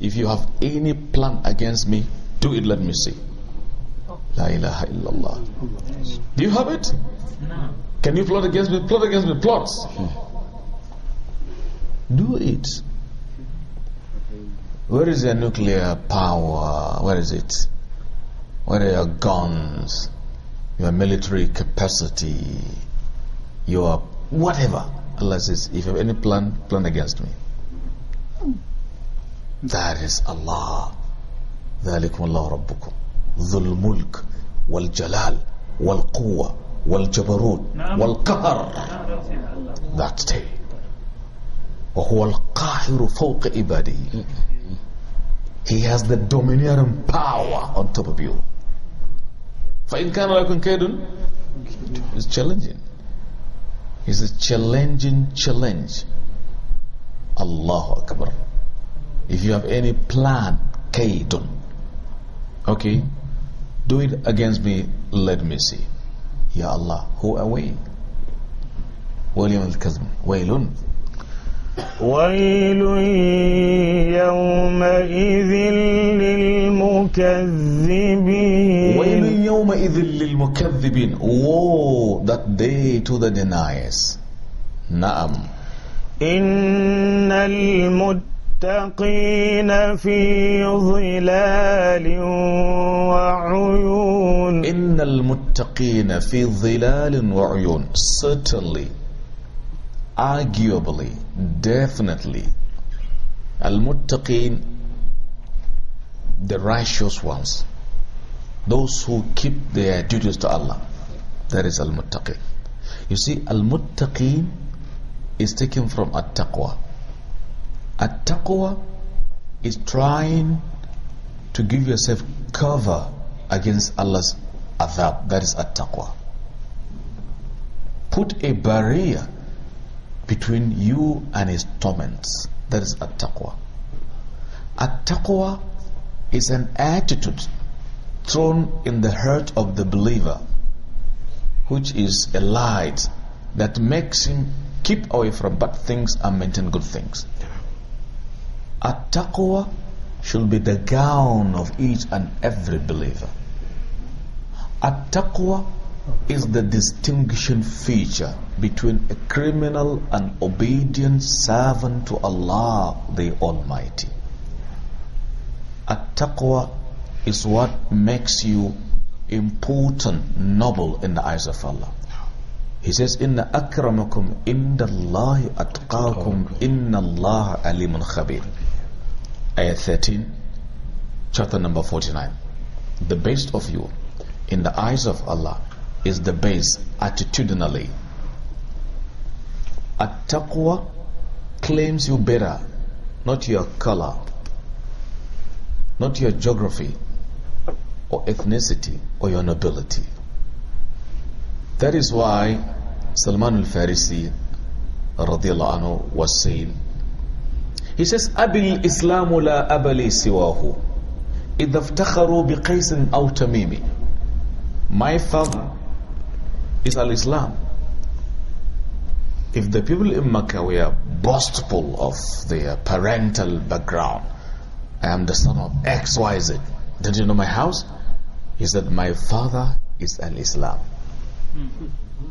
If you have any plan against me, do it, let me see. La ilaha illallah. Do you have it? No. Can you plot against me? Plot against me. Plot. Hmm. Do it. Where is your nuclear power? Where is it? whether your guns? Your military capacity? Your whatever. Allah says, if you have any plan, plan against me. That is Allah. ذلكم الله ربكم ذو الملك والجلال والقوة والجبروت والقهر That day. وهو القاهر فوق عباده mm-hmm. He has the domineering power on top of you. فإن كان لكم كيد it's challenging it's a challenging challenge Allahu Akbar if you have any plan kaidun okay do it against me let me see Ya Allah who we? William al-Kazm ويل يومئذ للمكذبين ويل يومئذ للمكذبين Woe oh, that day to the deniers نعم إن المتقين في ظلال وعيون إن المتقين في ظلال وعيون Certainly arguably, definitely, Al Muttaqin, the righteous ones, those who keep their duties to Allah. That is Al Muttaqin. You see, Al Muttaqin is taken from At Taqwa. At Taqwa is trying to give yourself cover against Allah's adab. That is At Taqwa. Put a barrier between you and his torments. That is at-taqwa. At-taqwa is an attitude thrown in the heart of the believer, which is a light that makes him keep away from bad things and maintain good things. At-taqwa should be the gown of each and every believer. At-taqwa is the distinguishing feature between a criminal and obedient servant to Allah the Almighty. At-taqwa is what makes you important, noble in the eyes of Allah. He says, Inna akramakum indallahi atqakum inna Allah alimun khabir. Ayah 13, chapter number 49. The best of you in the eyes of Allah is the base attitudinally. A taqwa claims you better, not your color, not your geography, or ethnicity, or your nobility. That is why Salman al Farisi anhu, was saying, he says, أبي الإسلام لا أب لي سواه إذا افتخروا بقيس أو تَمِيمِي." My father is Al Islam. If the people in Mecca were boastful of their parental background, I am the son of XYZ. Did you know my house? He said, My father is Al Islam.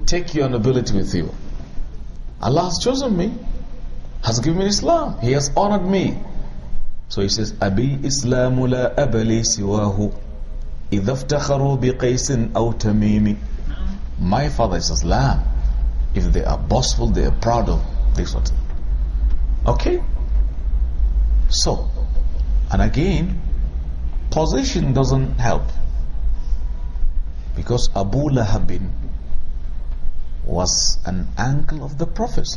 Take your nobility with you. Allah has chosen me, has given me Islam, He has honored me. So he says, Abi Islamu la abali siwahu. إذا افتخروا بقيس أو my father is Islam. If they are boastful, they are proud of this one. Okay? So, and again, position doesn't help. Because Abu Lahab was an uncle of the Prophet.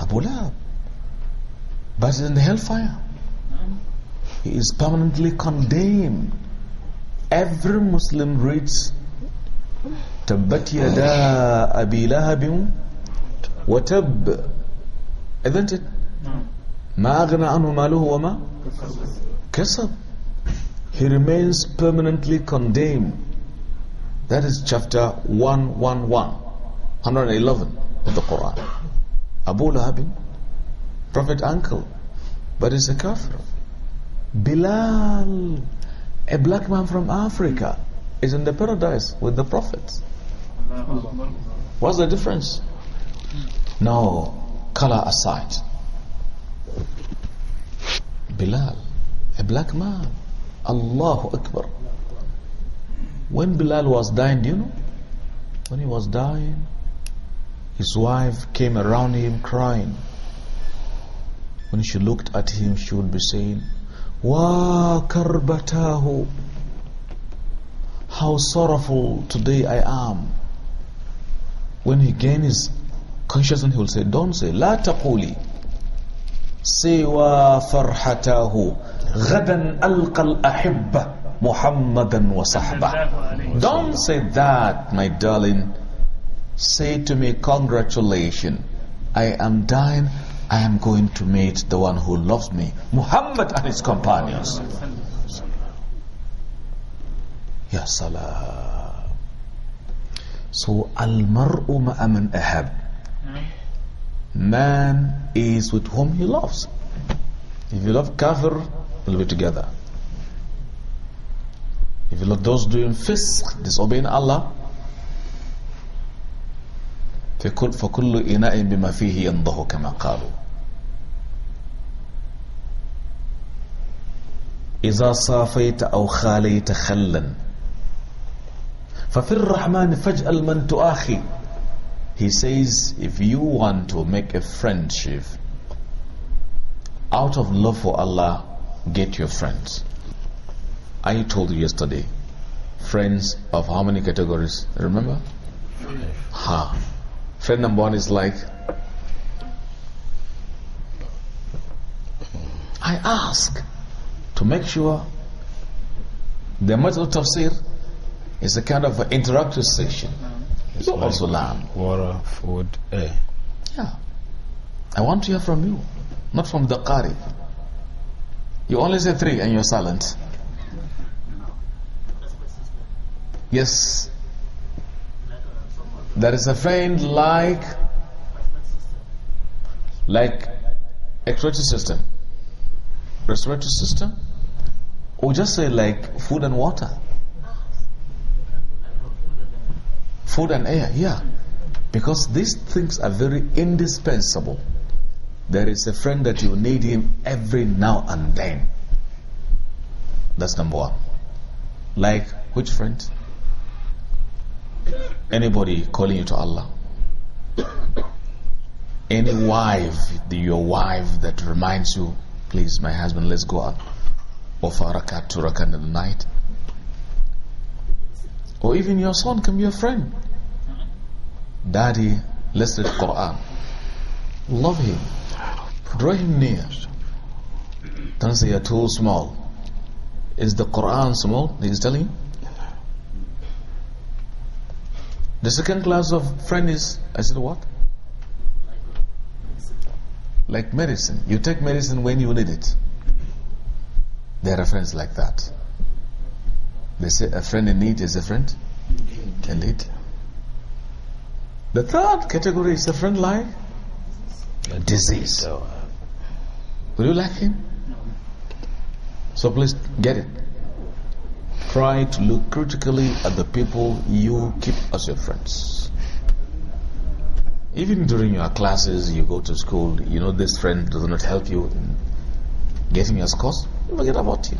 Abu Lahab. But in the hellfire. He is permanently condemned. Every Muslim reads Tabbat yada abi lahabin wa tab. Isn't it? No. ما أغنى ma ماله He remains permanently condemned That is chapter 111 111 of the Quran Abu Lahab Prophet uncle But he's a kafir Bilal A black man from Africa Is in the paradise with the prophets What's the difference? No, color aside. Bilal, a black man. Allahu Akbar. When Bilal was dying, do you know? When he was dying, his wife came around him crying. When she looked at him, she would be saying, Wa karbatahu. How sorrowful today I am when he gains consciousness, he will say, Don't say, La taquli. سوى فرحته غدا ألقى الأحبة محمدا وصحبه Don't say that, my darling. Say to me, congratulations. I am dying. I am going to meet the one who loves me, Muhammad and his companions. Ya Salam. So al-mar'u ma'a man ahab. Man is with whom he loves. If you love kafir, we'll be together. If you love those doing fisk, disobeying Allah, فكل إناء بما فيه ينضه كما قالوا إذا صافيت أو خاليت خلا فَفِي الرَّحْمَنِ فَجْأَلْ مَنْ تُؤَخِي He says, if you want to make a friendship, out of love for Allah, get your friends. I told you yesterday, friends of how many categories? Remember? Ha. Friend number one is like, I ask to make sure the method of tafsir it's a kind of an interactive session. Mm-hmm. It's you like also learn. Water, food, air. Yeah. I want to hear from you, not from the Qari. You only say three and you're silent. Yes. There is a faint like like extractive system, respiratory system, or just say like food and water. Food and air, yeah. Because these things are very indispensable. There is a friend that you need him every now and then. That's number one. Like which friend? Anybody calling you to Allah? Any wife, your wife that reminds you, please, my husband, let's go out. Or for rakat, to rakat in the night. Or even your son can be a friend. Daddy, let's read Quran. Love him. Draw him near. Don't say you're too small. Is the Quran small? He's telling The second class of friend is, I said what? Like medicine. You take medicine when you need it. There are friends like that. They say a friend in need is a friend. Indeed. The third category is friend like a disease. So, uh, Would you like him? No. So please get it. Try to look critically at the people you keep as your friends. Even during your classes, you go to school, you know this friend does not help you in getting your scores, you forget about him.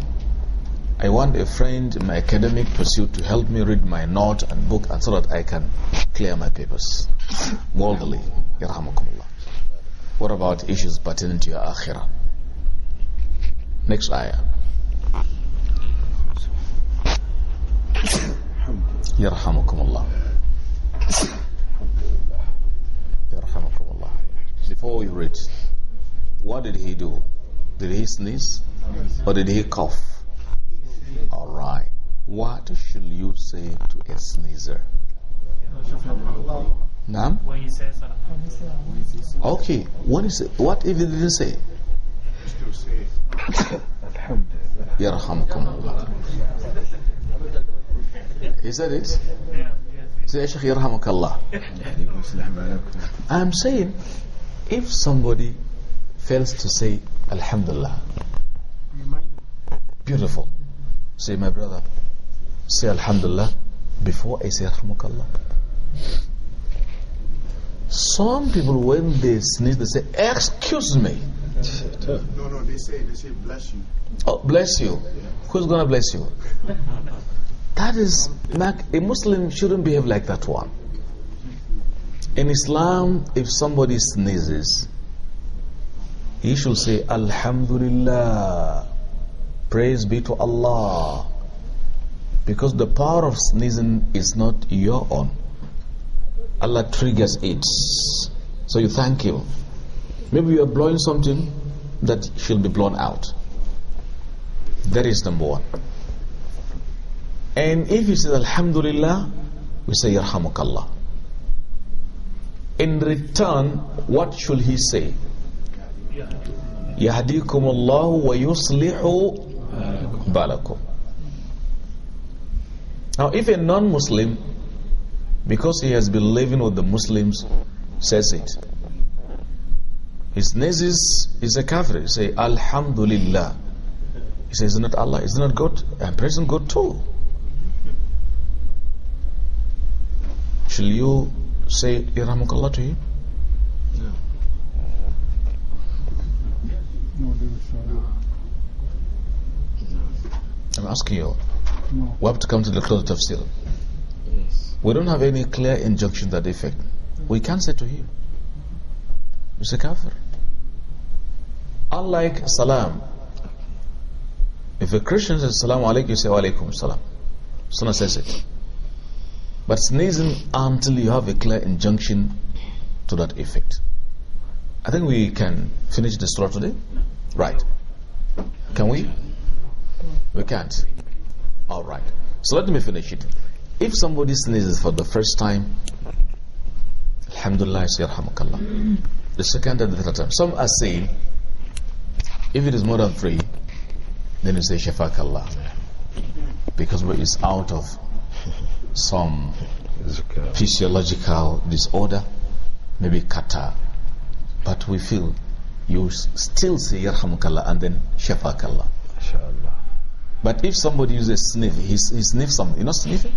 I want a friend in my academic pursuit to help me read my note and book and so that I can clear my papers. Worldly. What about issues pertaining to your akhirah? Next ayah. يرحمكم الله يرحمكم الله before you read what did he do did he sneeze or did he cough all right. What should you say to a sneezer? Nam? When he says Okay. What, is it? what if he didn't say? Yarhamukumullah. Is that it? Say, Shaykh, I'm saying, if somebody fails to say, Alhamdulillah, beautiful. Say, my brother, say Alhamdulillah before I say Alhamdulillah. Some people, when they sneeze, they say, Excuse me. No, no, they say, they say, bless you. Oh, bless you. Who's going to bless you? that is, a Muslim shouldn't behave like that one. In Islam, if somebody sneezes, he should say, Alhamdulillah. Praise be to Allah. Because the power of sneezing is not your own. Allah triggers it. So you thank Him. Maybe you are blowing something that shall be blown out. That is number one. And if you say Alhamdulillah, we say Yarhamukallah. In return, what should he say? يهديكم wa yuslihu balakum. Now, if a non Muslim, because he has been living with the Muslims, says it, his nesis is a kafir. Say, Alhamdulillah. He says, Isn't it Allah? Isn't it God? and am praising God too. Shall you say Irhamukallah to him? No. I'm asking you. No. We have to come to the closet of seal. Yes. We don't have any clear injunction that effect. We can't say to him, Mr. Kafir. Unlike salam, if a Christian says salam alaikum, you say wa alaikum salam. Sunnah says it. But sneezing until you have a clear injunction to that effect. I think we can finish the story today. Right. Can we? We can't. All right. So let me finish it. If somebody sneezes for the first time, Alhamdulillah, Yarhamakallah. The second and the third time. Some are saying, if it is more than three, then you say Shafakallah. Because it's out of some physiological disorder, maybe katar, But we feel you still say Yarhamukallah and then Shafakallah. But if somebody uses sniff, he, he sniffs something. You know sniffing?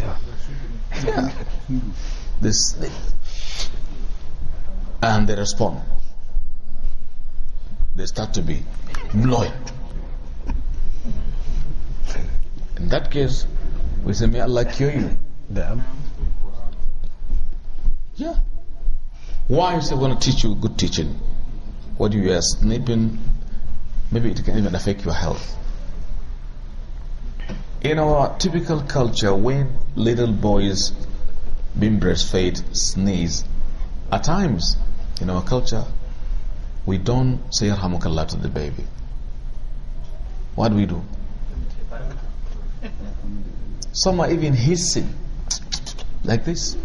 Yeah. They sniff. And they respond. They start to be bloated. In that case, we say, May Allah cure you. Damn. Yeah. Why is he going to teach you good teaching? What you are sniffing, maybe it can even affect your health. In our typical culture, when little boys being breastfed sneeze, at times in our culture, we don't say Alhamdulillah to the baby. What do we do? Some are even hissing like this.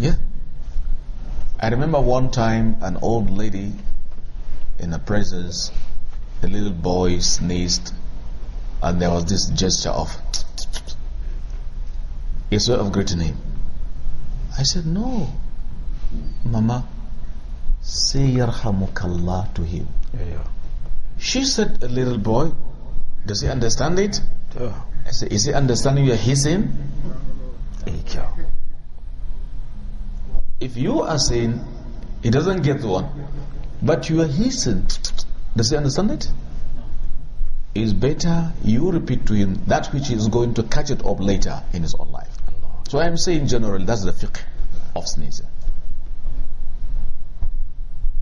Yeah. I remember one time an old lady in her presence, a little boy sneezed and there was this gesture of a sort of greeting I said, No, Mama, say Yarhamukallah to him. She said, Little boy, does he understand it? I said, Is he understanding you're hissing? If you are saying he doesn't get the one, but you are hissing, does he understand it? is better you repeat to him that which is going to catch it up later in his own life. So I'm saying generally that's the fiqh of sneezing.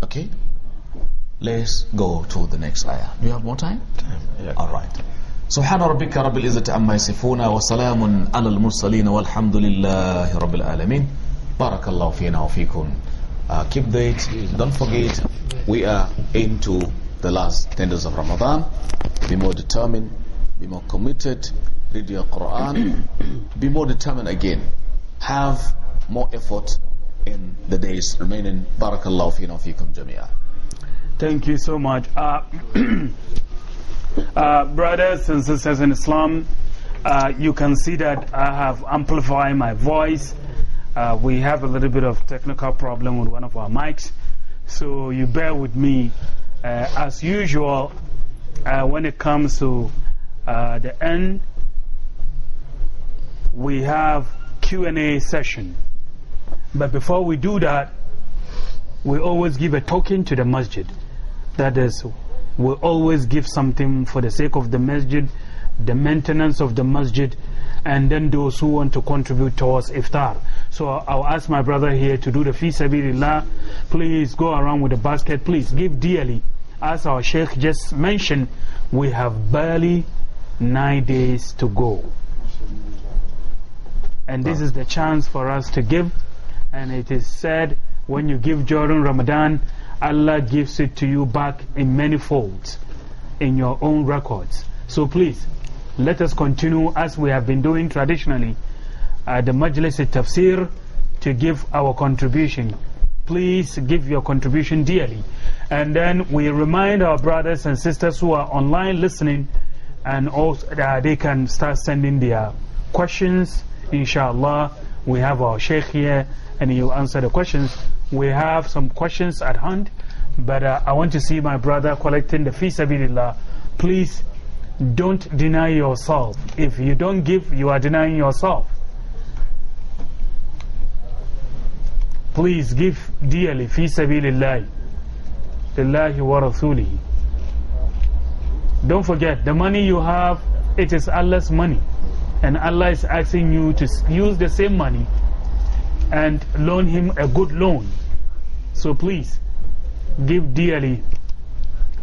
Okay? Let's go to the next ayah. Do you have more time? time. Yeah. All right. سبحان ربك رب العزة عما يصفون وسلام على المرسلين والحمد لله رب العالمين بارك الله فينا وفيكم uh, keep date don't forget we are into the last 10 days of Ramadan. Be more determined, be more committed, read your Quran, be more determined again. Have more effort in the days remaining. Barakallahu fi fikum jamia. Thank you so much. Uh, uh, brothers and sisters in Islam, uh, you can see that I have amplified my voice. Uh, we have a little bit of technical problem with one of our mics, so you bear with me. Uh, as usual, uh, when it comes to uh, the end, we have Q&A session. But before we do that, we always give a token to the masjid. That is, we always give something for the sake of the masjid, the maintenance of the masjid, and then those who want to contribute towards iftar. So I'll ask my brother here to do the fi sabilillah. Please go around with the basket. Please give dearly. As our sheikh just mentioned, we have barely nine days to go. And this is the chance for us to give. And it is said when you give during Ramadan, Allah gives it to you back in many folds in your own records. So please, let us continue as we have been doing traditionally uh, the Majlis Tafsir to give our contribution. Please give your contribution dearly. And then we remind our brothers and sisters who are online listening and also they can start sending their questions. Inshallah, we have our Sheikh here and he'll answer the questions. We have some questions at hand, but uh, I want to see my brother collecting the fiṣabilillāh. Please don't deny yourself. If you don't give, you are denying yourself. please give dearly fi sabilillah lillahi wa rasulihi don't forget the money you have it is Allah's money and Allah is asking you to use the same money and loan him a good loan so please give dearly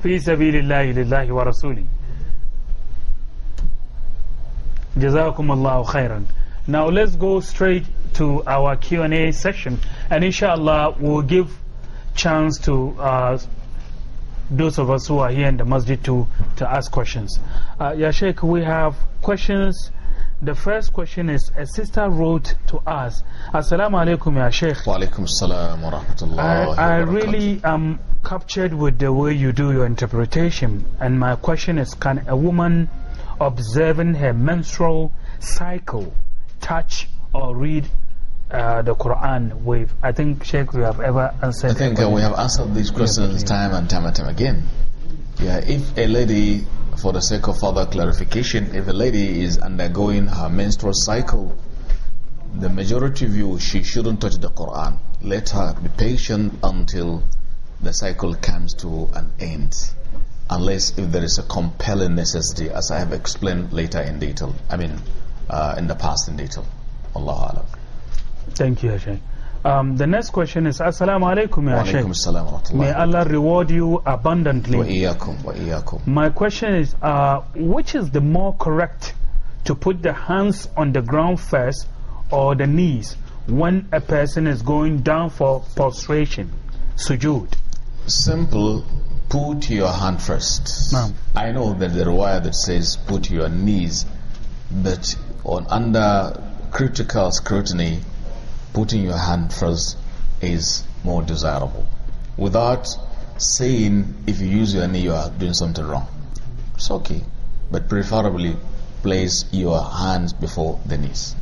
fi sabilillah lillahi wa rasulihi jazakum khairan now let's go straight to our Q&A session, And inshallah, we'll give chance to uh, those of us who are here in the masjid to, to ask questions. Uh, ya Sheikh, we have questions. The first question is a sister wrote to us, Assalamu alaikum, Ya Sheikh. Wa alaikum wa I really am captured with the way you do your interpretation. And my question is can a woman observing her menstrual cycle touch or read uh, the Quran with? I think, Sheikh, we have ever answered. I think uh, we have answered these questions time and time and time again. Yeah, if a lady, for the sake of further clarification, if a lady is undergoing her menstrual cycle, the majority view she shouldn't touch the Quran. Let her be patient until the cycle comes to an end, unless if there is a compelling necessity, as I have explained later in detail. I mean, uh, in the past in detail. Allah Alam. Thank you, Sheikh. Um, the next question is Assalamu alaikum, Ya Sheikh. May Allah reward you abundantly. Wa iyakum, wa iyakum. My question is uh, which is the more correct to put the hands on the ground first or the knees when a person is going down for prostration, sujood? Simple, put your hand first. I know that there are that says put your knees, but on under critical scrutiny, putting your hand first is more desirable. Without saying if you use your knee you are doing something wrong. It's okay. But preferably place your hands before the knees.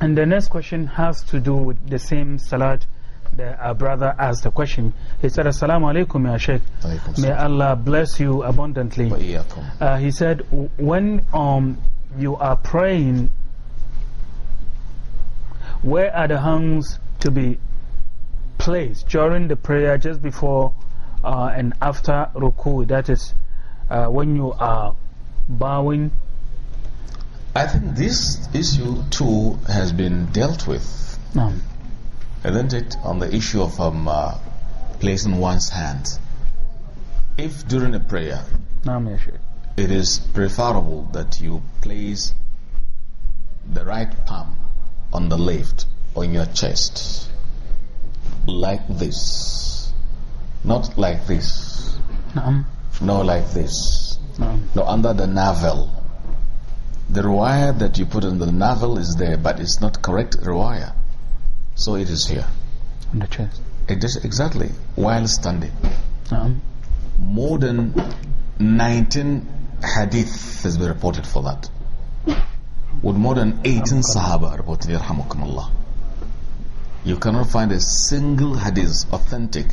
And the next question has to do with the same salat that our brother asked the question. He said, Assalamu alaikum, Ya Sheikh. May Allah bless you abundantly. Uh, he said, when um, you are praying where are the hands to be placed during the prayer just before uh, and after ruku that is uh, when you are bowing I think this issue too has been dealt with no. isn't it on the issue of um, uh, placing one's hand if during a prayer no, it is preferable that you place the right palm on the left on your chest like this not like this no, no like this no. no under the navel the riwayah that you put on the navel is there but it's not correct riwayah so it is here on the chest it is exactly while standing no. more than 19 hadith has been reported for that with more than 18 Sahaba reported, Yarhamukumullah. You cannot find a single hadith authentic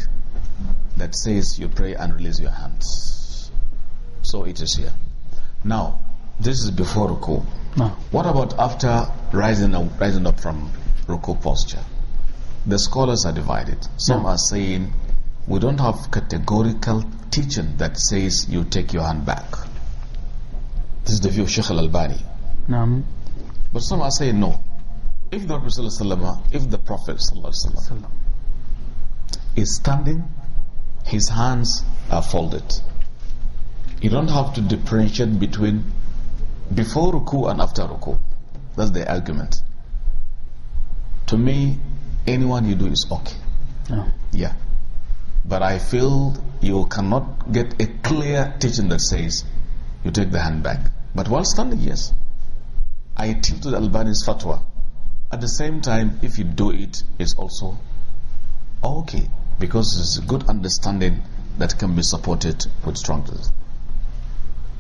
that says you pray and release your hands. So it is here. Now, this is before ruku. No. What about after rising up, rising up from ruku posture? The scholars are divided. Some no. are saying we don't have categorical teaching that says you take your hand back. This is the view of Sheikh Al Albani. But some are saying no. If the Prophet, if the Prophet is standing, his hands are folded. You don't have to differentiate between before ruku and after ruku. That's the argument. To me, anyone you do is okay. Yeah. But I feel you cannot get a clear teaching that says you take the hand back. But while standing, yes. I tilted Albanese fatwa. At the same time, if you do it, it's also okay because it's a good understanding that can be supported with strong truth.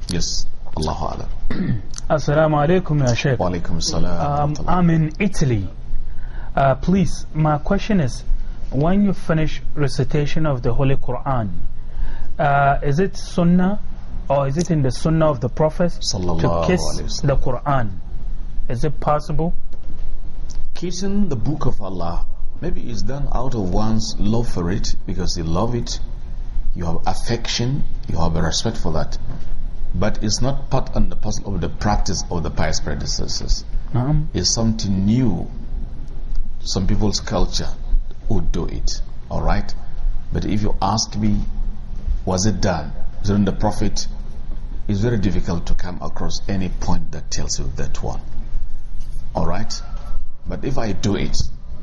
Yes. Allahu Akbar. Assalamu alaikum, Ya Sheikh. Wa alaikum Um, I'm in Italy. Uh, please, my question is when you finish recitation of the Holy Quran, uh, is it Sunnah or is it in the Sunnah of the Prophet to kiss the Quran? Is it possible? Kissing the book of Allah, maybe it's done out of one's love for it because you love it, you have affection, you have a respect for that. But it's not part and the parcel of the practice of the pious predecessors. Um. It's something new. Some people's culture would do it. Alright? But if you ask me, was it done during the Prophet? It's very difficult to come across any point that tells you that one. Alright? But if I do it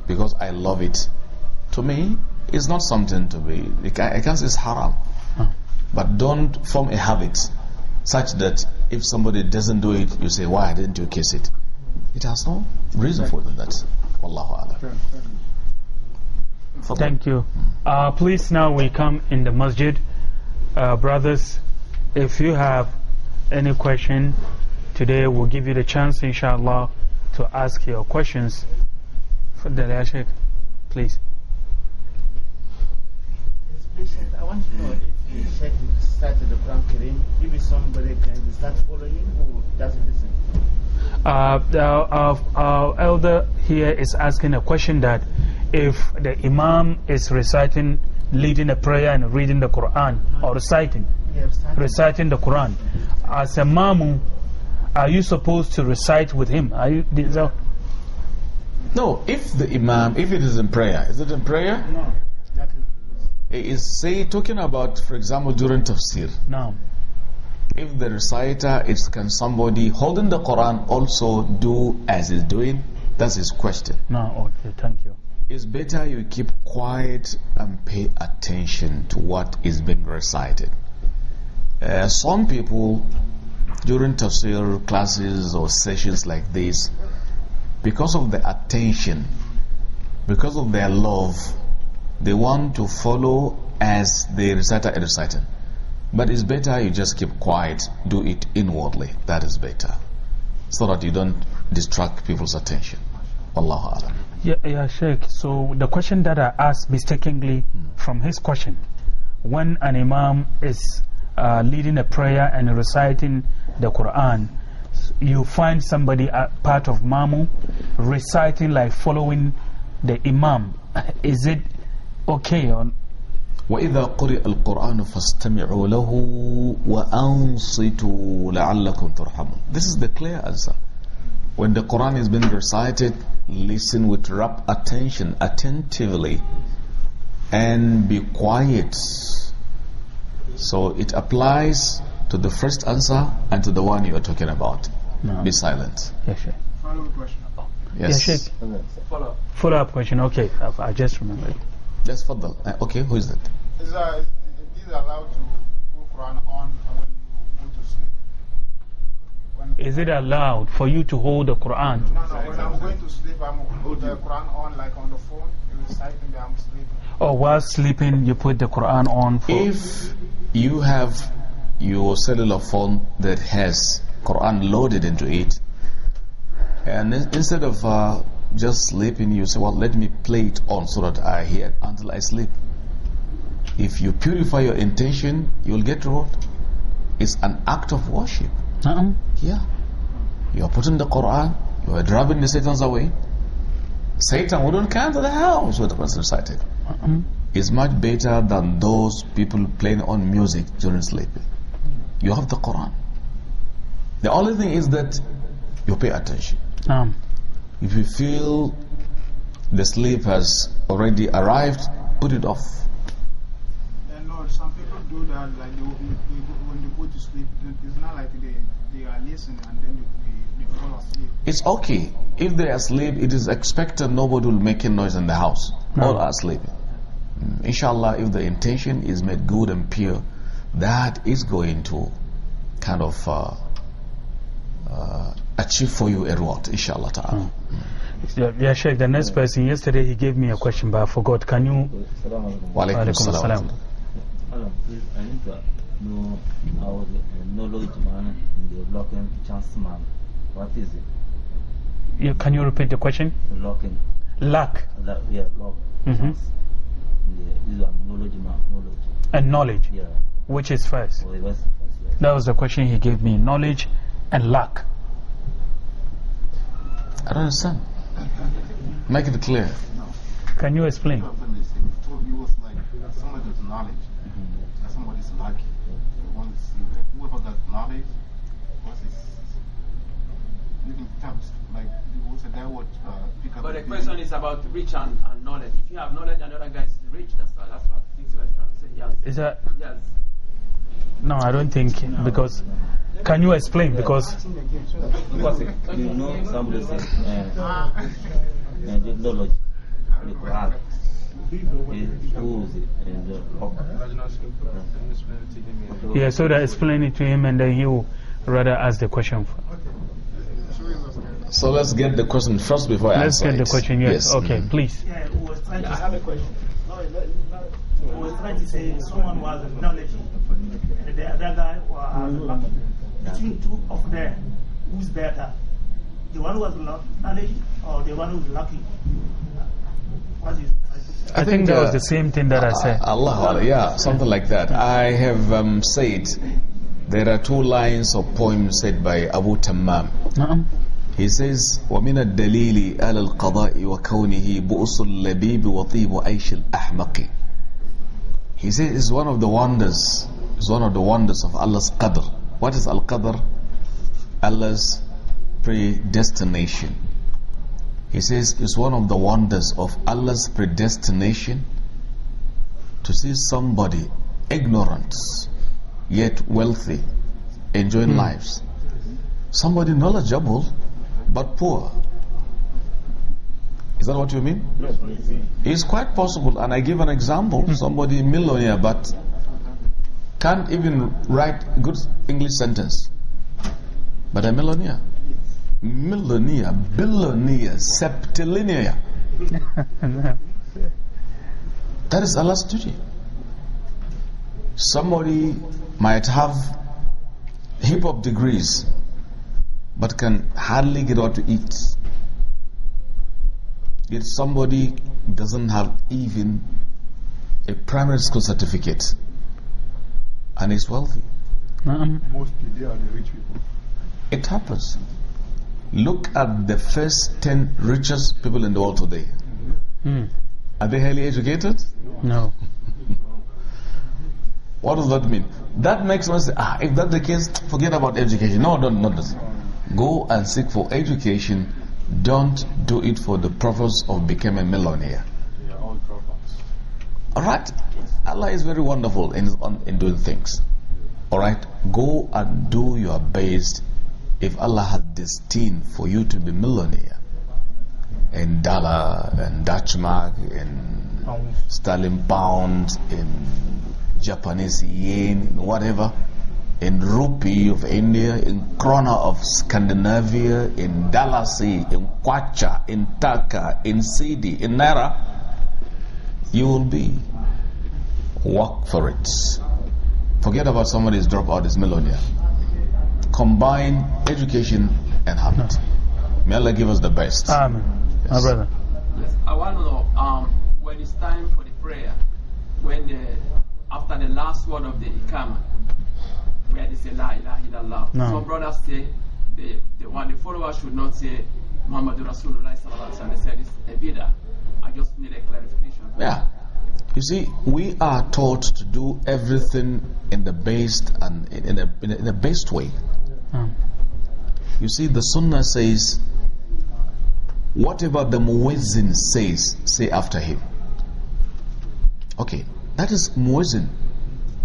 because I love it, to me, it's not something to be, I can't say it's haram. But don't form a habit such that if somebody doesn't do it, you say, why didn't you kiss it? It has no reason for that. Wallahu Alam. Thank you. Hmm. Uh, please now we come in the masjid. Uh, brothers, if you have any question today, we'll give you the chance, inshallah to ask your questions. Fadala Sheikh, please. Yes, please I want to know if the Sheikh started the Quran Kareem, maybe somebody can start following who doesn't listen. Uh, the, our, our elder here is asking a question that if the Imam is reciting, leading a prayer and reading the Quran, or reciting, reciting the Quran, as a Mamu, are you supposed to recite with him? Are you, no, if the Imam, if it is in prayer, is it in prayer? No. It is say, talking about, for example, during tafsir. No. If the reciter is, can somebody holding the Quran also do as he's doing? That's his question. No, okay, thank you. It's better you keep quiet and pay attention to what is being recited. Uh, some people during tafsir classes or sessions like this, because of the attention, because of their love, they want to follow as the reciter is reciting. But it's better you just keep quiet, do it inwardly. That is better. So that you don't distract people's attention. Allahu Alam. Yeah, yeah, Sheikh. So the question that I asked mistakenly hmm. from his question when an imam is uh, leading a prayer and reciting the Quran. You find somebody uh, part of Mamu reciting like following the Imam. Is it okay or وإذا قرئ القرآن فاستمعوا له وأنصتوا لعلكم ترحمون This is the clear answer When the Quran is being recited listen with rapt attention attentively and be quiet so it applies to the first answer and to the one you are talking about. No. Be silent. Yes, Follow up question. Yes. yes Follow up. Follow up question. Okay, I, I just remembered. Yes, Fadal. Uh, okay, who is that? Is, uh, allowed to put Quran on when you go to sleep? When is it allowed for you to hold the Quran? No, no, when I'm going to sleep, I'm hold the Quran on like on the phone, you reciting that I'm sleeping. Or oh, while sleeping, you put the Quran on If you have your cellular phone that has Quran loaded into it and instead of uh, just sleeping you say well let me play it on so that I hear until I sleep if you purify your intention you'll get reward it's an act of worship uh -uh. yeah you are putting the Quran you are driving the Satan's away Satan wouldn't come to the house with the person recited is much better than those people playing on music during sleeping. You have the Quran. The only thing is that you pay attention. Um. If you feel the sleep has already arrived, put it off. And Lord, some people do that, like they, when they go to sleep, it's not like they, they are listening and then they, they fall asleep. It's okay. If they are asleep, it is expected nobody will make a noise in the house. No. All are sleeping inshallah, if the intention is made good and pure, that is going to kind of uh, uh, achieve for you a reward, inshallah ta'ala. Mm. Yeah, Sheikh, the next person yesterday he gave me a question, but I forgot. Can you? Salaam. Ah, I need to know how the uh, knowledge man in the locking chance man. What is it? can you repeat the question? Locking. Luck. yeah, Mm -hmm knowledge, And knowledge? Which is first? Well, was yes. That was the question he gave me. Knowledge and luck. I don't understand. Make it clear. Can you explain? It was has knowledge mm -hmm. and somebody is lucky. We want to see that whoever has knowledge, what is living terms uh, pick up. But the question is about rich and, and, knowledge. If you have knowledge and other guy is rich, that's, what that's what things were trying to say. Yes. Is that? Yes. No, I don't think no. because. Can you explain? Yeah. Because. because you know, somebody says uh, uh knowledge, the is and the Yeah, so I explain it to him and then he will rather ask the question. So let's get the question first before let's I answer. Let's get it. the question, yes. yes. Okay, mm please. Yeah, I have a question. no, I was trying to say someone was acknowledging, and the other guy was mm. Between two of them, who's better? The one who was acknowledging or the one was What is I, I think, think that uh, was the same thing that uh, I ah, said. Allah, Allah, yeah, something like that. I have um, said there are two lines of poems said by Abu Tamam. Uh he says, وَمِنَ الدَّلِيلِ أَلَى الْقَضَاءِ وَكَوْنِهِ بُؤْسُ اللَّبِيبِ وَطِيبُ عَيْشِ الْأَحْمَقِ He says, it's one of the wonders, it's one of the wonders of Allah's qadr. What is al-qadr? Allah's predestination. He says, it's one of the wonders of Allah's predestination to see somebody ignorant, yet wealthy, enjoying hmm. lives. Somebody knowledgeable, but poor. Is that what you mean? Yes, it's quite possible, and I give an example. Hmm. Somebody millionaire, but can't even write good English sentence, but a millionaire, millionaire, billionaire, septillionaire. that is Allah's duty. Somebody might have hip hop degrees but can hardly get out to eat. Yet somebody doesn't have even a primary school certificate and is wealthy. Mostly they are the rich people. It happens. Look at the first 10 richest people in the world today. Mm. Are they highly educated? No. what does that mean? That makes one say, ah, if that's the case, forget about education. No, no, no. no. Go and seek for education. Don't do it for the purpose of becoming a millionaire. Alright? Allah is very wonderful in, in doing things. Alright? Go and do your best if Allah had destined for you to be millionaire in dollar and Dutch mark in sterling pound in Japanese yen whatever in rupee of India, in krona of Scandinavia, in dalasi, in kwacha, in taka, in sidi, in naira, you will be. Work for it. Forget about somebody's dropout, his millionaire. Combine education and habit. May Allah give us the best. Amen. My brother. Yes, I want to know um, when it's time for the prayer, when the, after the last word of the Ikama, where they say La ilaha illallah. No. Some brothers say the, the one the follower should not say Muhammad Rasulullah sallallahu alaihi wasallam. They said it's a bidah. I just need a clarification. Yeah. You see, we are taught to do everything in the based and in a, in a, in a based way. You see, the Sunnah says, whatever the Muezzin says, say after him. Okay, that is Muezzin.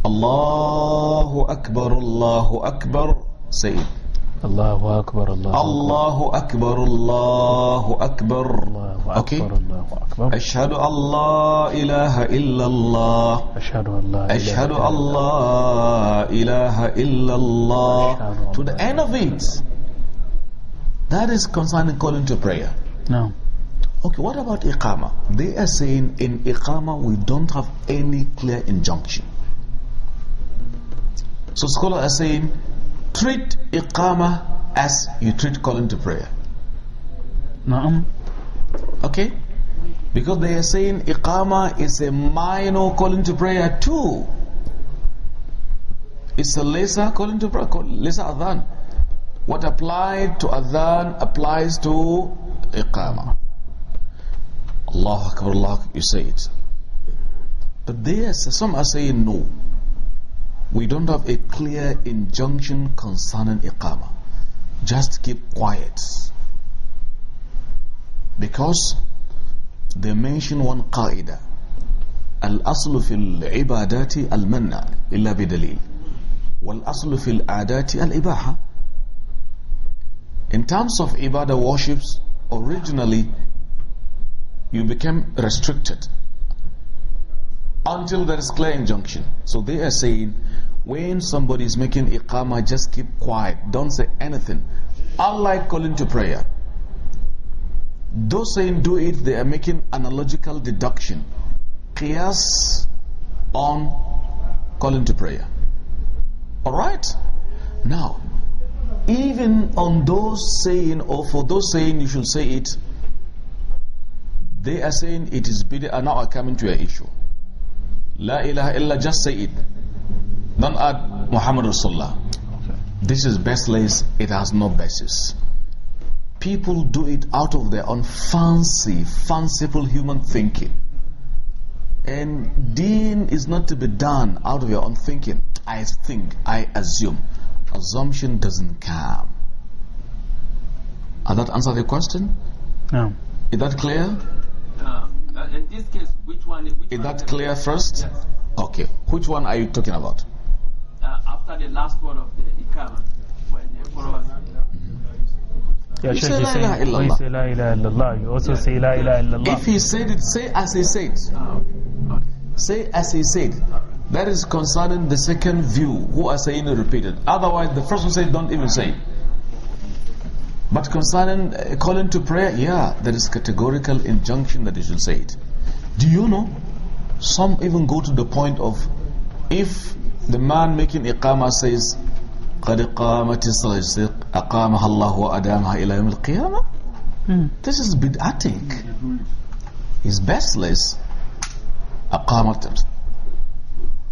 الله أكبر الله أكبر سيد الله أكبر الله, الله أكبر الله أكبر الله أكبر أوكي الله أكبر أشهد أن لا إله إلا الله أشهد أن لا أشهد أن لا إله إلا الله to the end of it that is concerning calling to prayer no okay what about iqama they are saying in iqama we don't have any clear injunction So scholars are saying, treat iqama as you treat calling to prayer. Naam. Okay? Because they are saying iqama is a minor calling to prayer too. It's a lesser calling to prayer, lesser adhan. What applied to adhan applies to iqama. Allah Akbar, Allah, you say it. But there, some are saying no we don't have a clear injunction concerning Iqama. Just keep quiet. Because they mention one qaida. الأصل في العبادات المنع إلا بدليل والأصل في العادات الإباحة In terms of ibadah worships, originally you became restricted until there is clear injunction. So they are saying, when somebody is making iqama, just keep quiet. Don't say anything. Unlike calling to prayer. Those saying do it, they are making analogical deduction. Qiyas on calling to prayer. Alright? Now, even on those saying, or for those saying you should say it, they are saying it is bid'ah. Now I come into your issue. La ilaha illa, just say it. Don't add Muhammad Rasulullah. This is baseless. It has no basis. People do it out of their own fancy, fanciful human thinking. And deen is not to be done out of your own thinking. I think, I assume. Assumption doesn't come. Does that answer the question? No. Is that clear? No. Uh, in this case, which one? Which is one that clear first? Yes. Okay. Which one are you talking about? Uh, after the last word of the Ikama, when the followers. Yeah, you say oh, la ilaha illallah. You, la ilaha illallah. you also yeah. say la ilaha illallah. If he said it, say as he said. Oh, okay. Say as he said. That is concerning the second view, who are saying it repeated. Otherwise, the first one said, don't even say but concerning uh, calling to prayer, yeah, there is categorical injunction that you should say it. Do you know? Some even go to the point of if the man making iqama says, قَدْ قَامَتِ الصَّلَاةِ أَقَامَهَا اللَّهُ وَأَدَامَهَا إِلَى يَوْمِ الْقِيَامَةِ This is bid'atic. He's baseless. أَقَامَتِ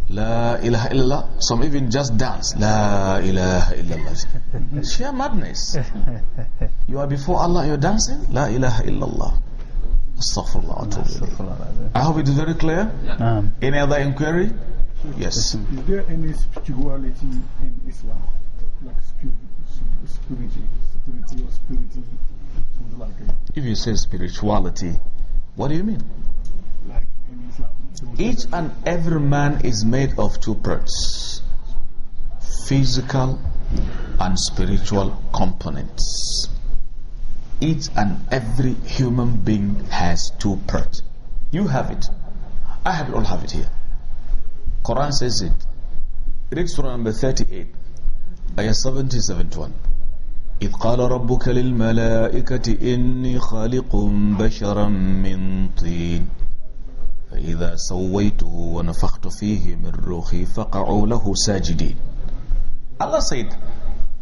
La ilaha illallah. Some even just dance. La ilaha illallah. Sheer madness. You are before Allah, you're dancing. La ilaha illallah. Astaghfirullah. I hope it is very clear. Yeah. Any other inquiry? Yes. Is there any spirituality in Islam? Like spirit, spirituality, spirituality or spirituality, like If you say spirituality, what do you mean? Like in Islam. Each and every man is made of two parts physical and spiritual components. Each and every human being has two parts. You have it. I have it, all have it here. Quran says it. Read Surah number 38, ayah 70 71. إذ قال ربك للملائكة إني خالق بشرا من طين فإذا سويته ونفخت فيه من روحي فقعوا له ساجدين Allah said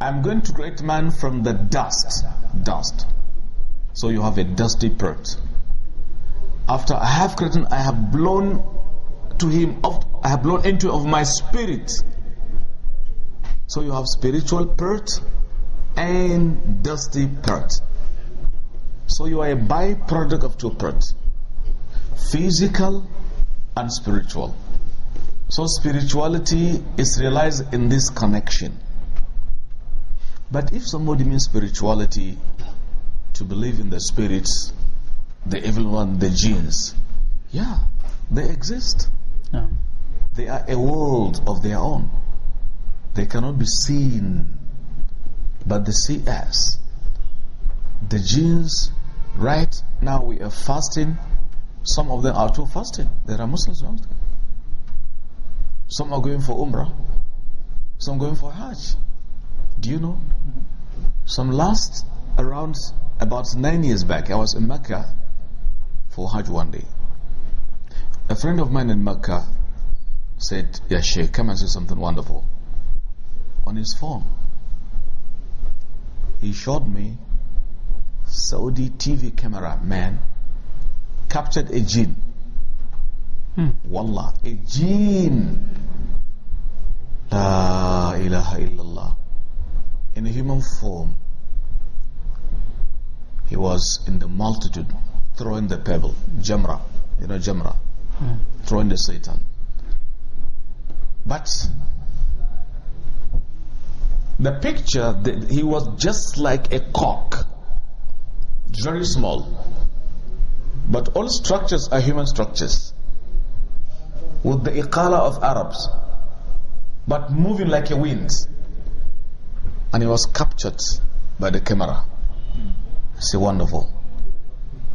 I'm going to create man from the dust dust so you have a dusty part after I have created I have blown to him of, I have blown into of my spirit so you have spiritual part and dusty part so you are a byproduct of two parts physical and spiritual. So spirituality is realized in this connection. But if somebody means spirituality to believe in the spirits, the evil one, the genes, yeah, they exist. Yeah. They are a world of their own. They cannot be seen, but they see us. The genes. right now we are fasting some of them are too fasting. There are Muslims amongst them. Some are going for Umrah. Some going for Hajj. Do you know? Some last around about nine years back, I was in Mecca for Hajj one day. A friend of mine in Mecca said, Yeah, Sheikh, come and see something wonderful on his phone. He showed me Saudi TV camera man captured a jinn. Hmm. Wallah, a jinn. La ilaha illallah. In a human form, he was in the multitude throwing the pebble, jamra. You know, jamra. Hmm. Throwing the Satan. But the picture, the, he was just like a cock, very small. But all structures are human structures with the iqala of Arabs, but moving like a wind. And he was captured by the camera. It's wonderful.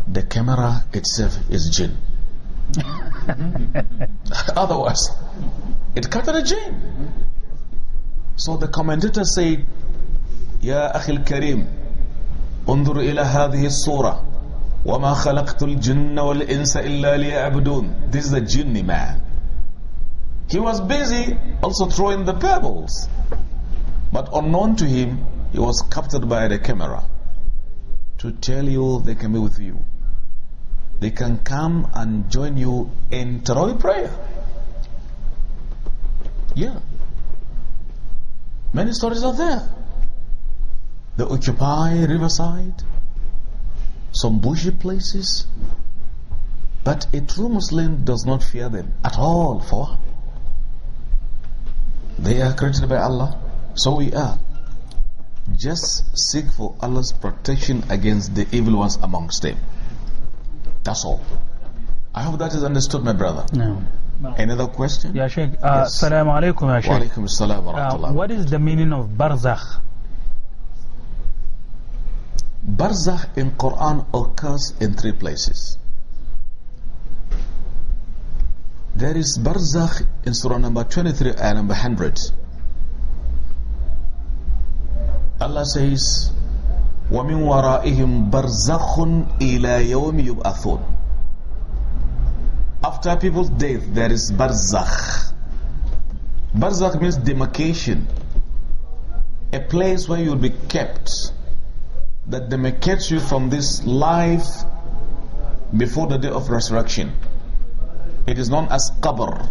The camera itself is jinn. Otherwise, it captured a jinn. So the commentator said, "Ya أخي Karim, انظر إلى هذه الصورة وَمَا خَلَقْتُ الْجِنَّ وَالْإِنسَ إِلَّا لِيَعْبُدُونَ This is the jinni man. He was busy also throwing the pebbles. But unknown to him, he was captured by the camera. To tell you they can be with you. They can come and join you in Tarawih prayer. Yeah. Many stories are there. They occupy riverside some bushy places. But a true Muslim does not fear them at all. For they are created by Allah, so we are. Just seek for Allah's protection against the evil ones amongst them. That's all. I hope that is understood, my brother. No. Another question? Yeah, Sheikh. Uh, yes. alaikum, Sheikh. Wa alaikum assalam wa uh, What is the meaning of barzakh? Barzakh in Quran occurs in three places. There is Barzakh in Surah number 23 and number 100. Allah says, وَمِنْ وَرَائِهِمْ بَرْزَخٌ إِلَى يَوْمِ يُبْأَثُونَ After people's death, there is Barzakh. Barzakh means demarcation, a place where you will be kept that they may catch you from this life before the day of resurrection. It is known as qabr,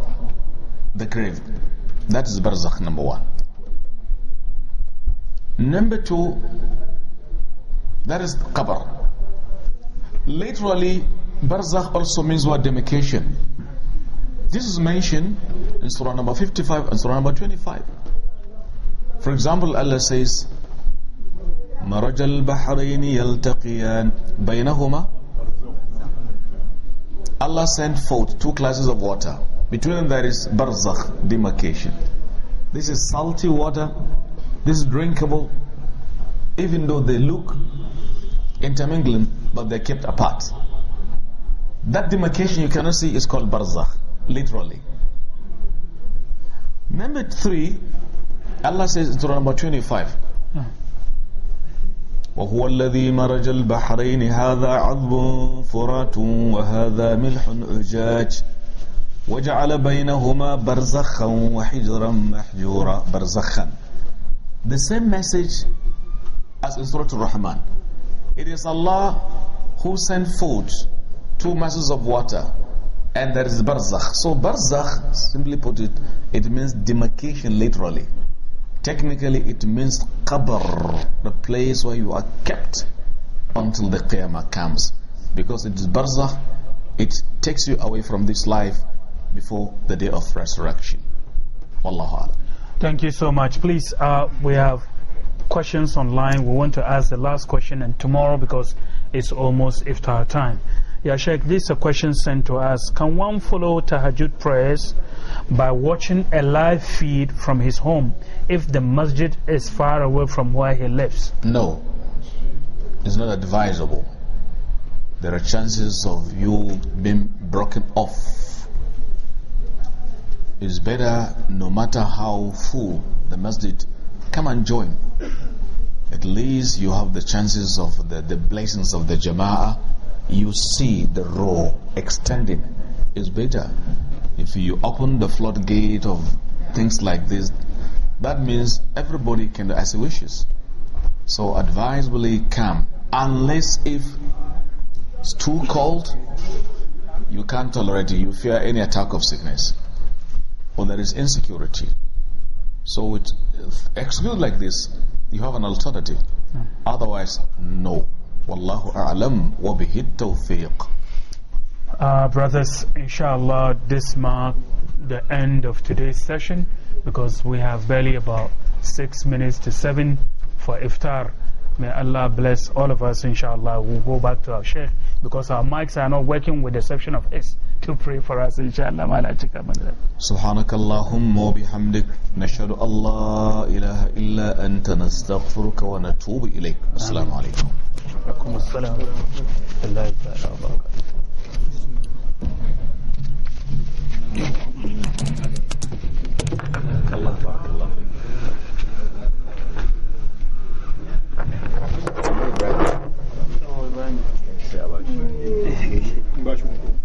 the grave. That is barzakh number one. Number two, that is qabr. Literally, barzakh also means what demarcation. This is mentioned in Surah number 55 and Surah number 25. For example, Allah says, مرج البحرين يلتقيان بينهما Allah sent forth two classes of water. Between them there is barzakh, demarcation. This is salty water. This is drinkable. Even though they look intermingling, but they're kept apart. That demarcation you cannot see is called barzakh, literally. Number three, Allah says in Surah number 25, وهو الذي مرج البحرين هذا عذب فرات وهذا ملح أجاج وجعل بينهما برزخا وحجرا محجورا برزخا The same message as in Surah Al-Rahman. It is Allah who sent food, two masses of water, and there is barzakh. So barzakh, simply put it, it means demarcation literally. Technically, it means qabr, the place where you are kept until the qiyamah comes. Because it is barzakh, it takes you away from this life before the day of resurrection. Wallahu Thank you so much. Please, uh, we have questions online. We want to ask the last question and tomorrow because it's almost iftar time. Ya Sheikh, this is a question sent to us. Can one follow tahajjud prayers by watching a live feed from his home if the masjid is far away from where he lives? No, it's not advisable. There are chances of you being broken off. It's better, no matter how full the masjid, come and join. At least you have the chances of the, the blessings of the jama'ah. You see the row extending. It's better. If you open the floodgate of things like this, that means everybody can do as he wishes. So advisably come Unless if it's too cold, you can't tolerate it. You fear any attack of sickness. Or there is insecurity. So with uh, excuse like this, you have an alternative. No. Hmm. Otherwise, no. Wallahu a'lam wa bihi tawfiq. Uh, brothers, inshallah, this marks the end of today's session because we have barely about six minutes to seven for iftar. May Allah bless all of us, inshallah. We'll go back to our sheikh because our mics are not working with the exception of his. to pray for us, inshallah. سبحانك اللهم وبحمدك نشهد أن لا إله إلا أنت نستغفرك ونتوب إليك السلام عليكم وعليكم السلام ورحمة الله تعالى وبركاته barakallah barakallah Thank you.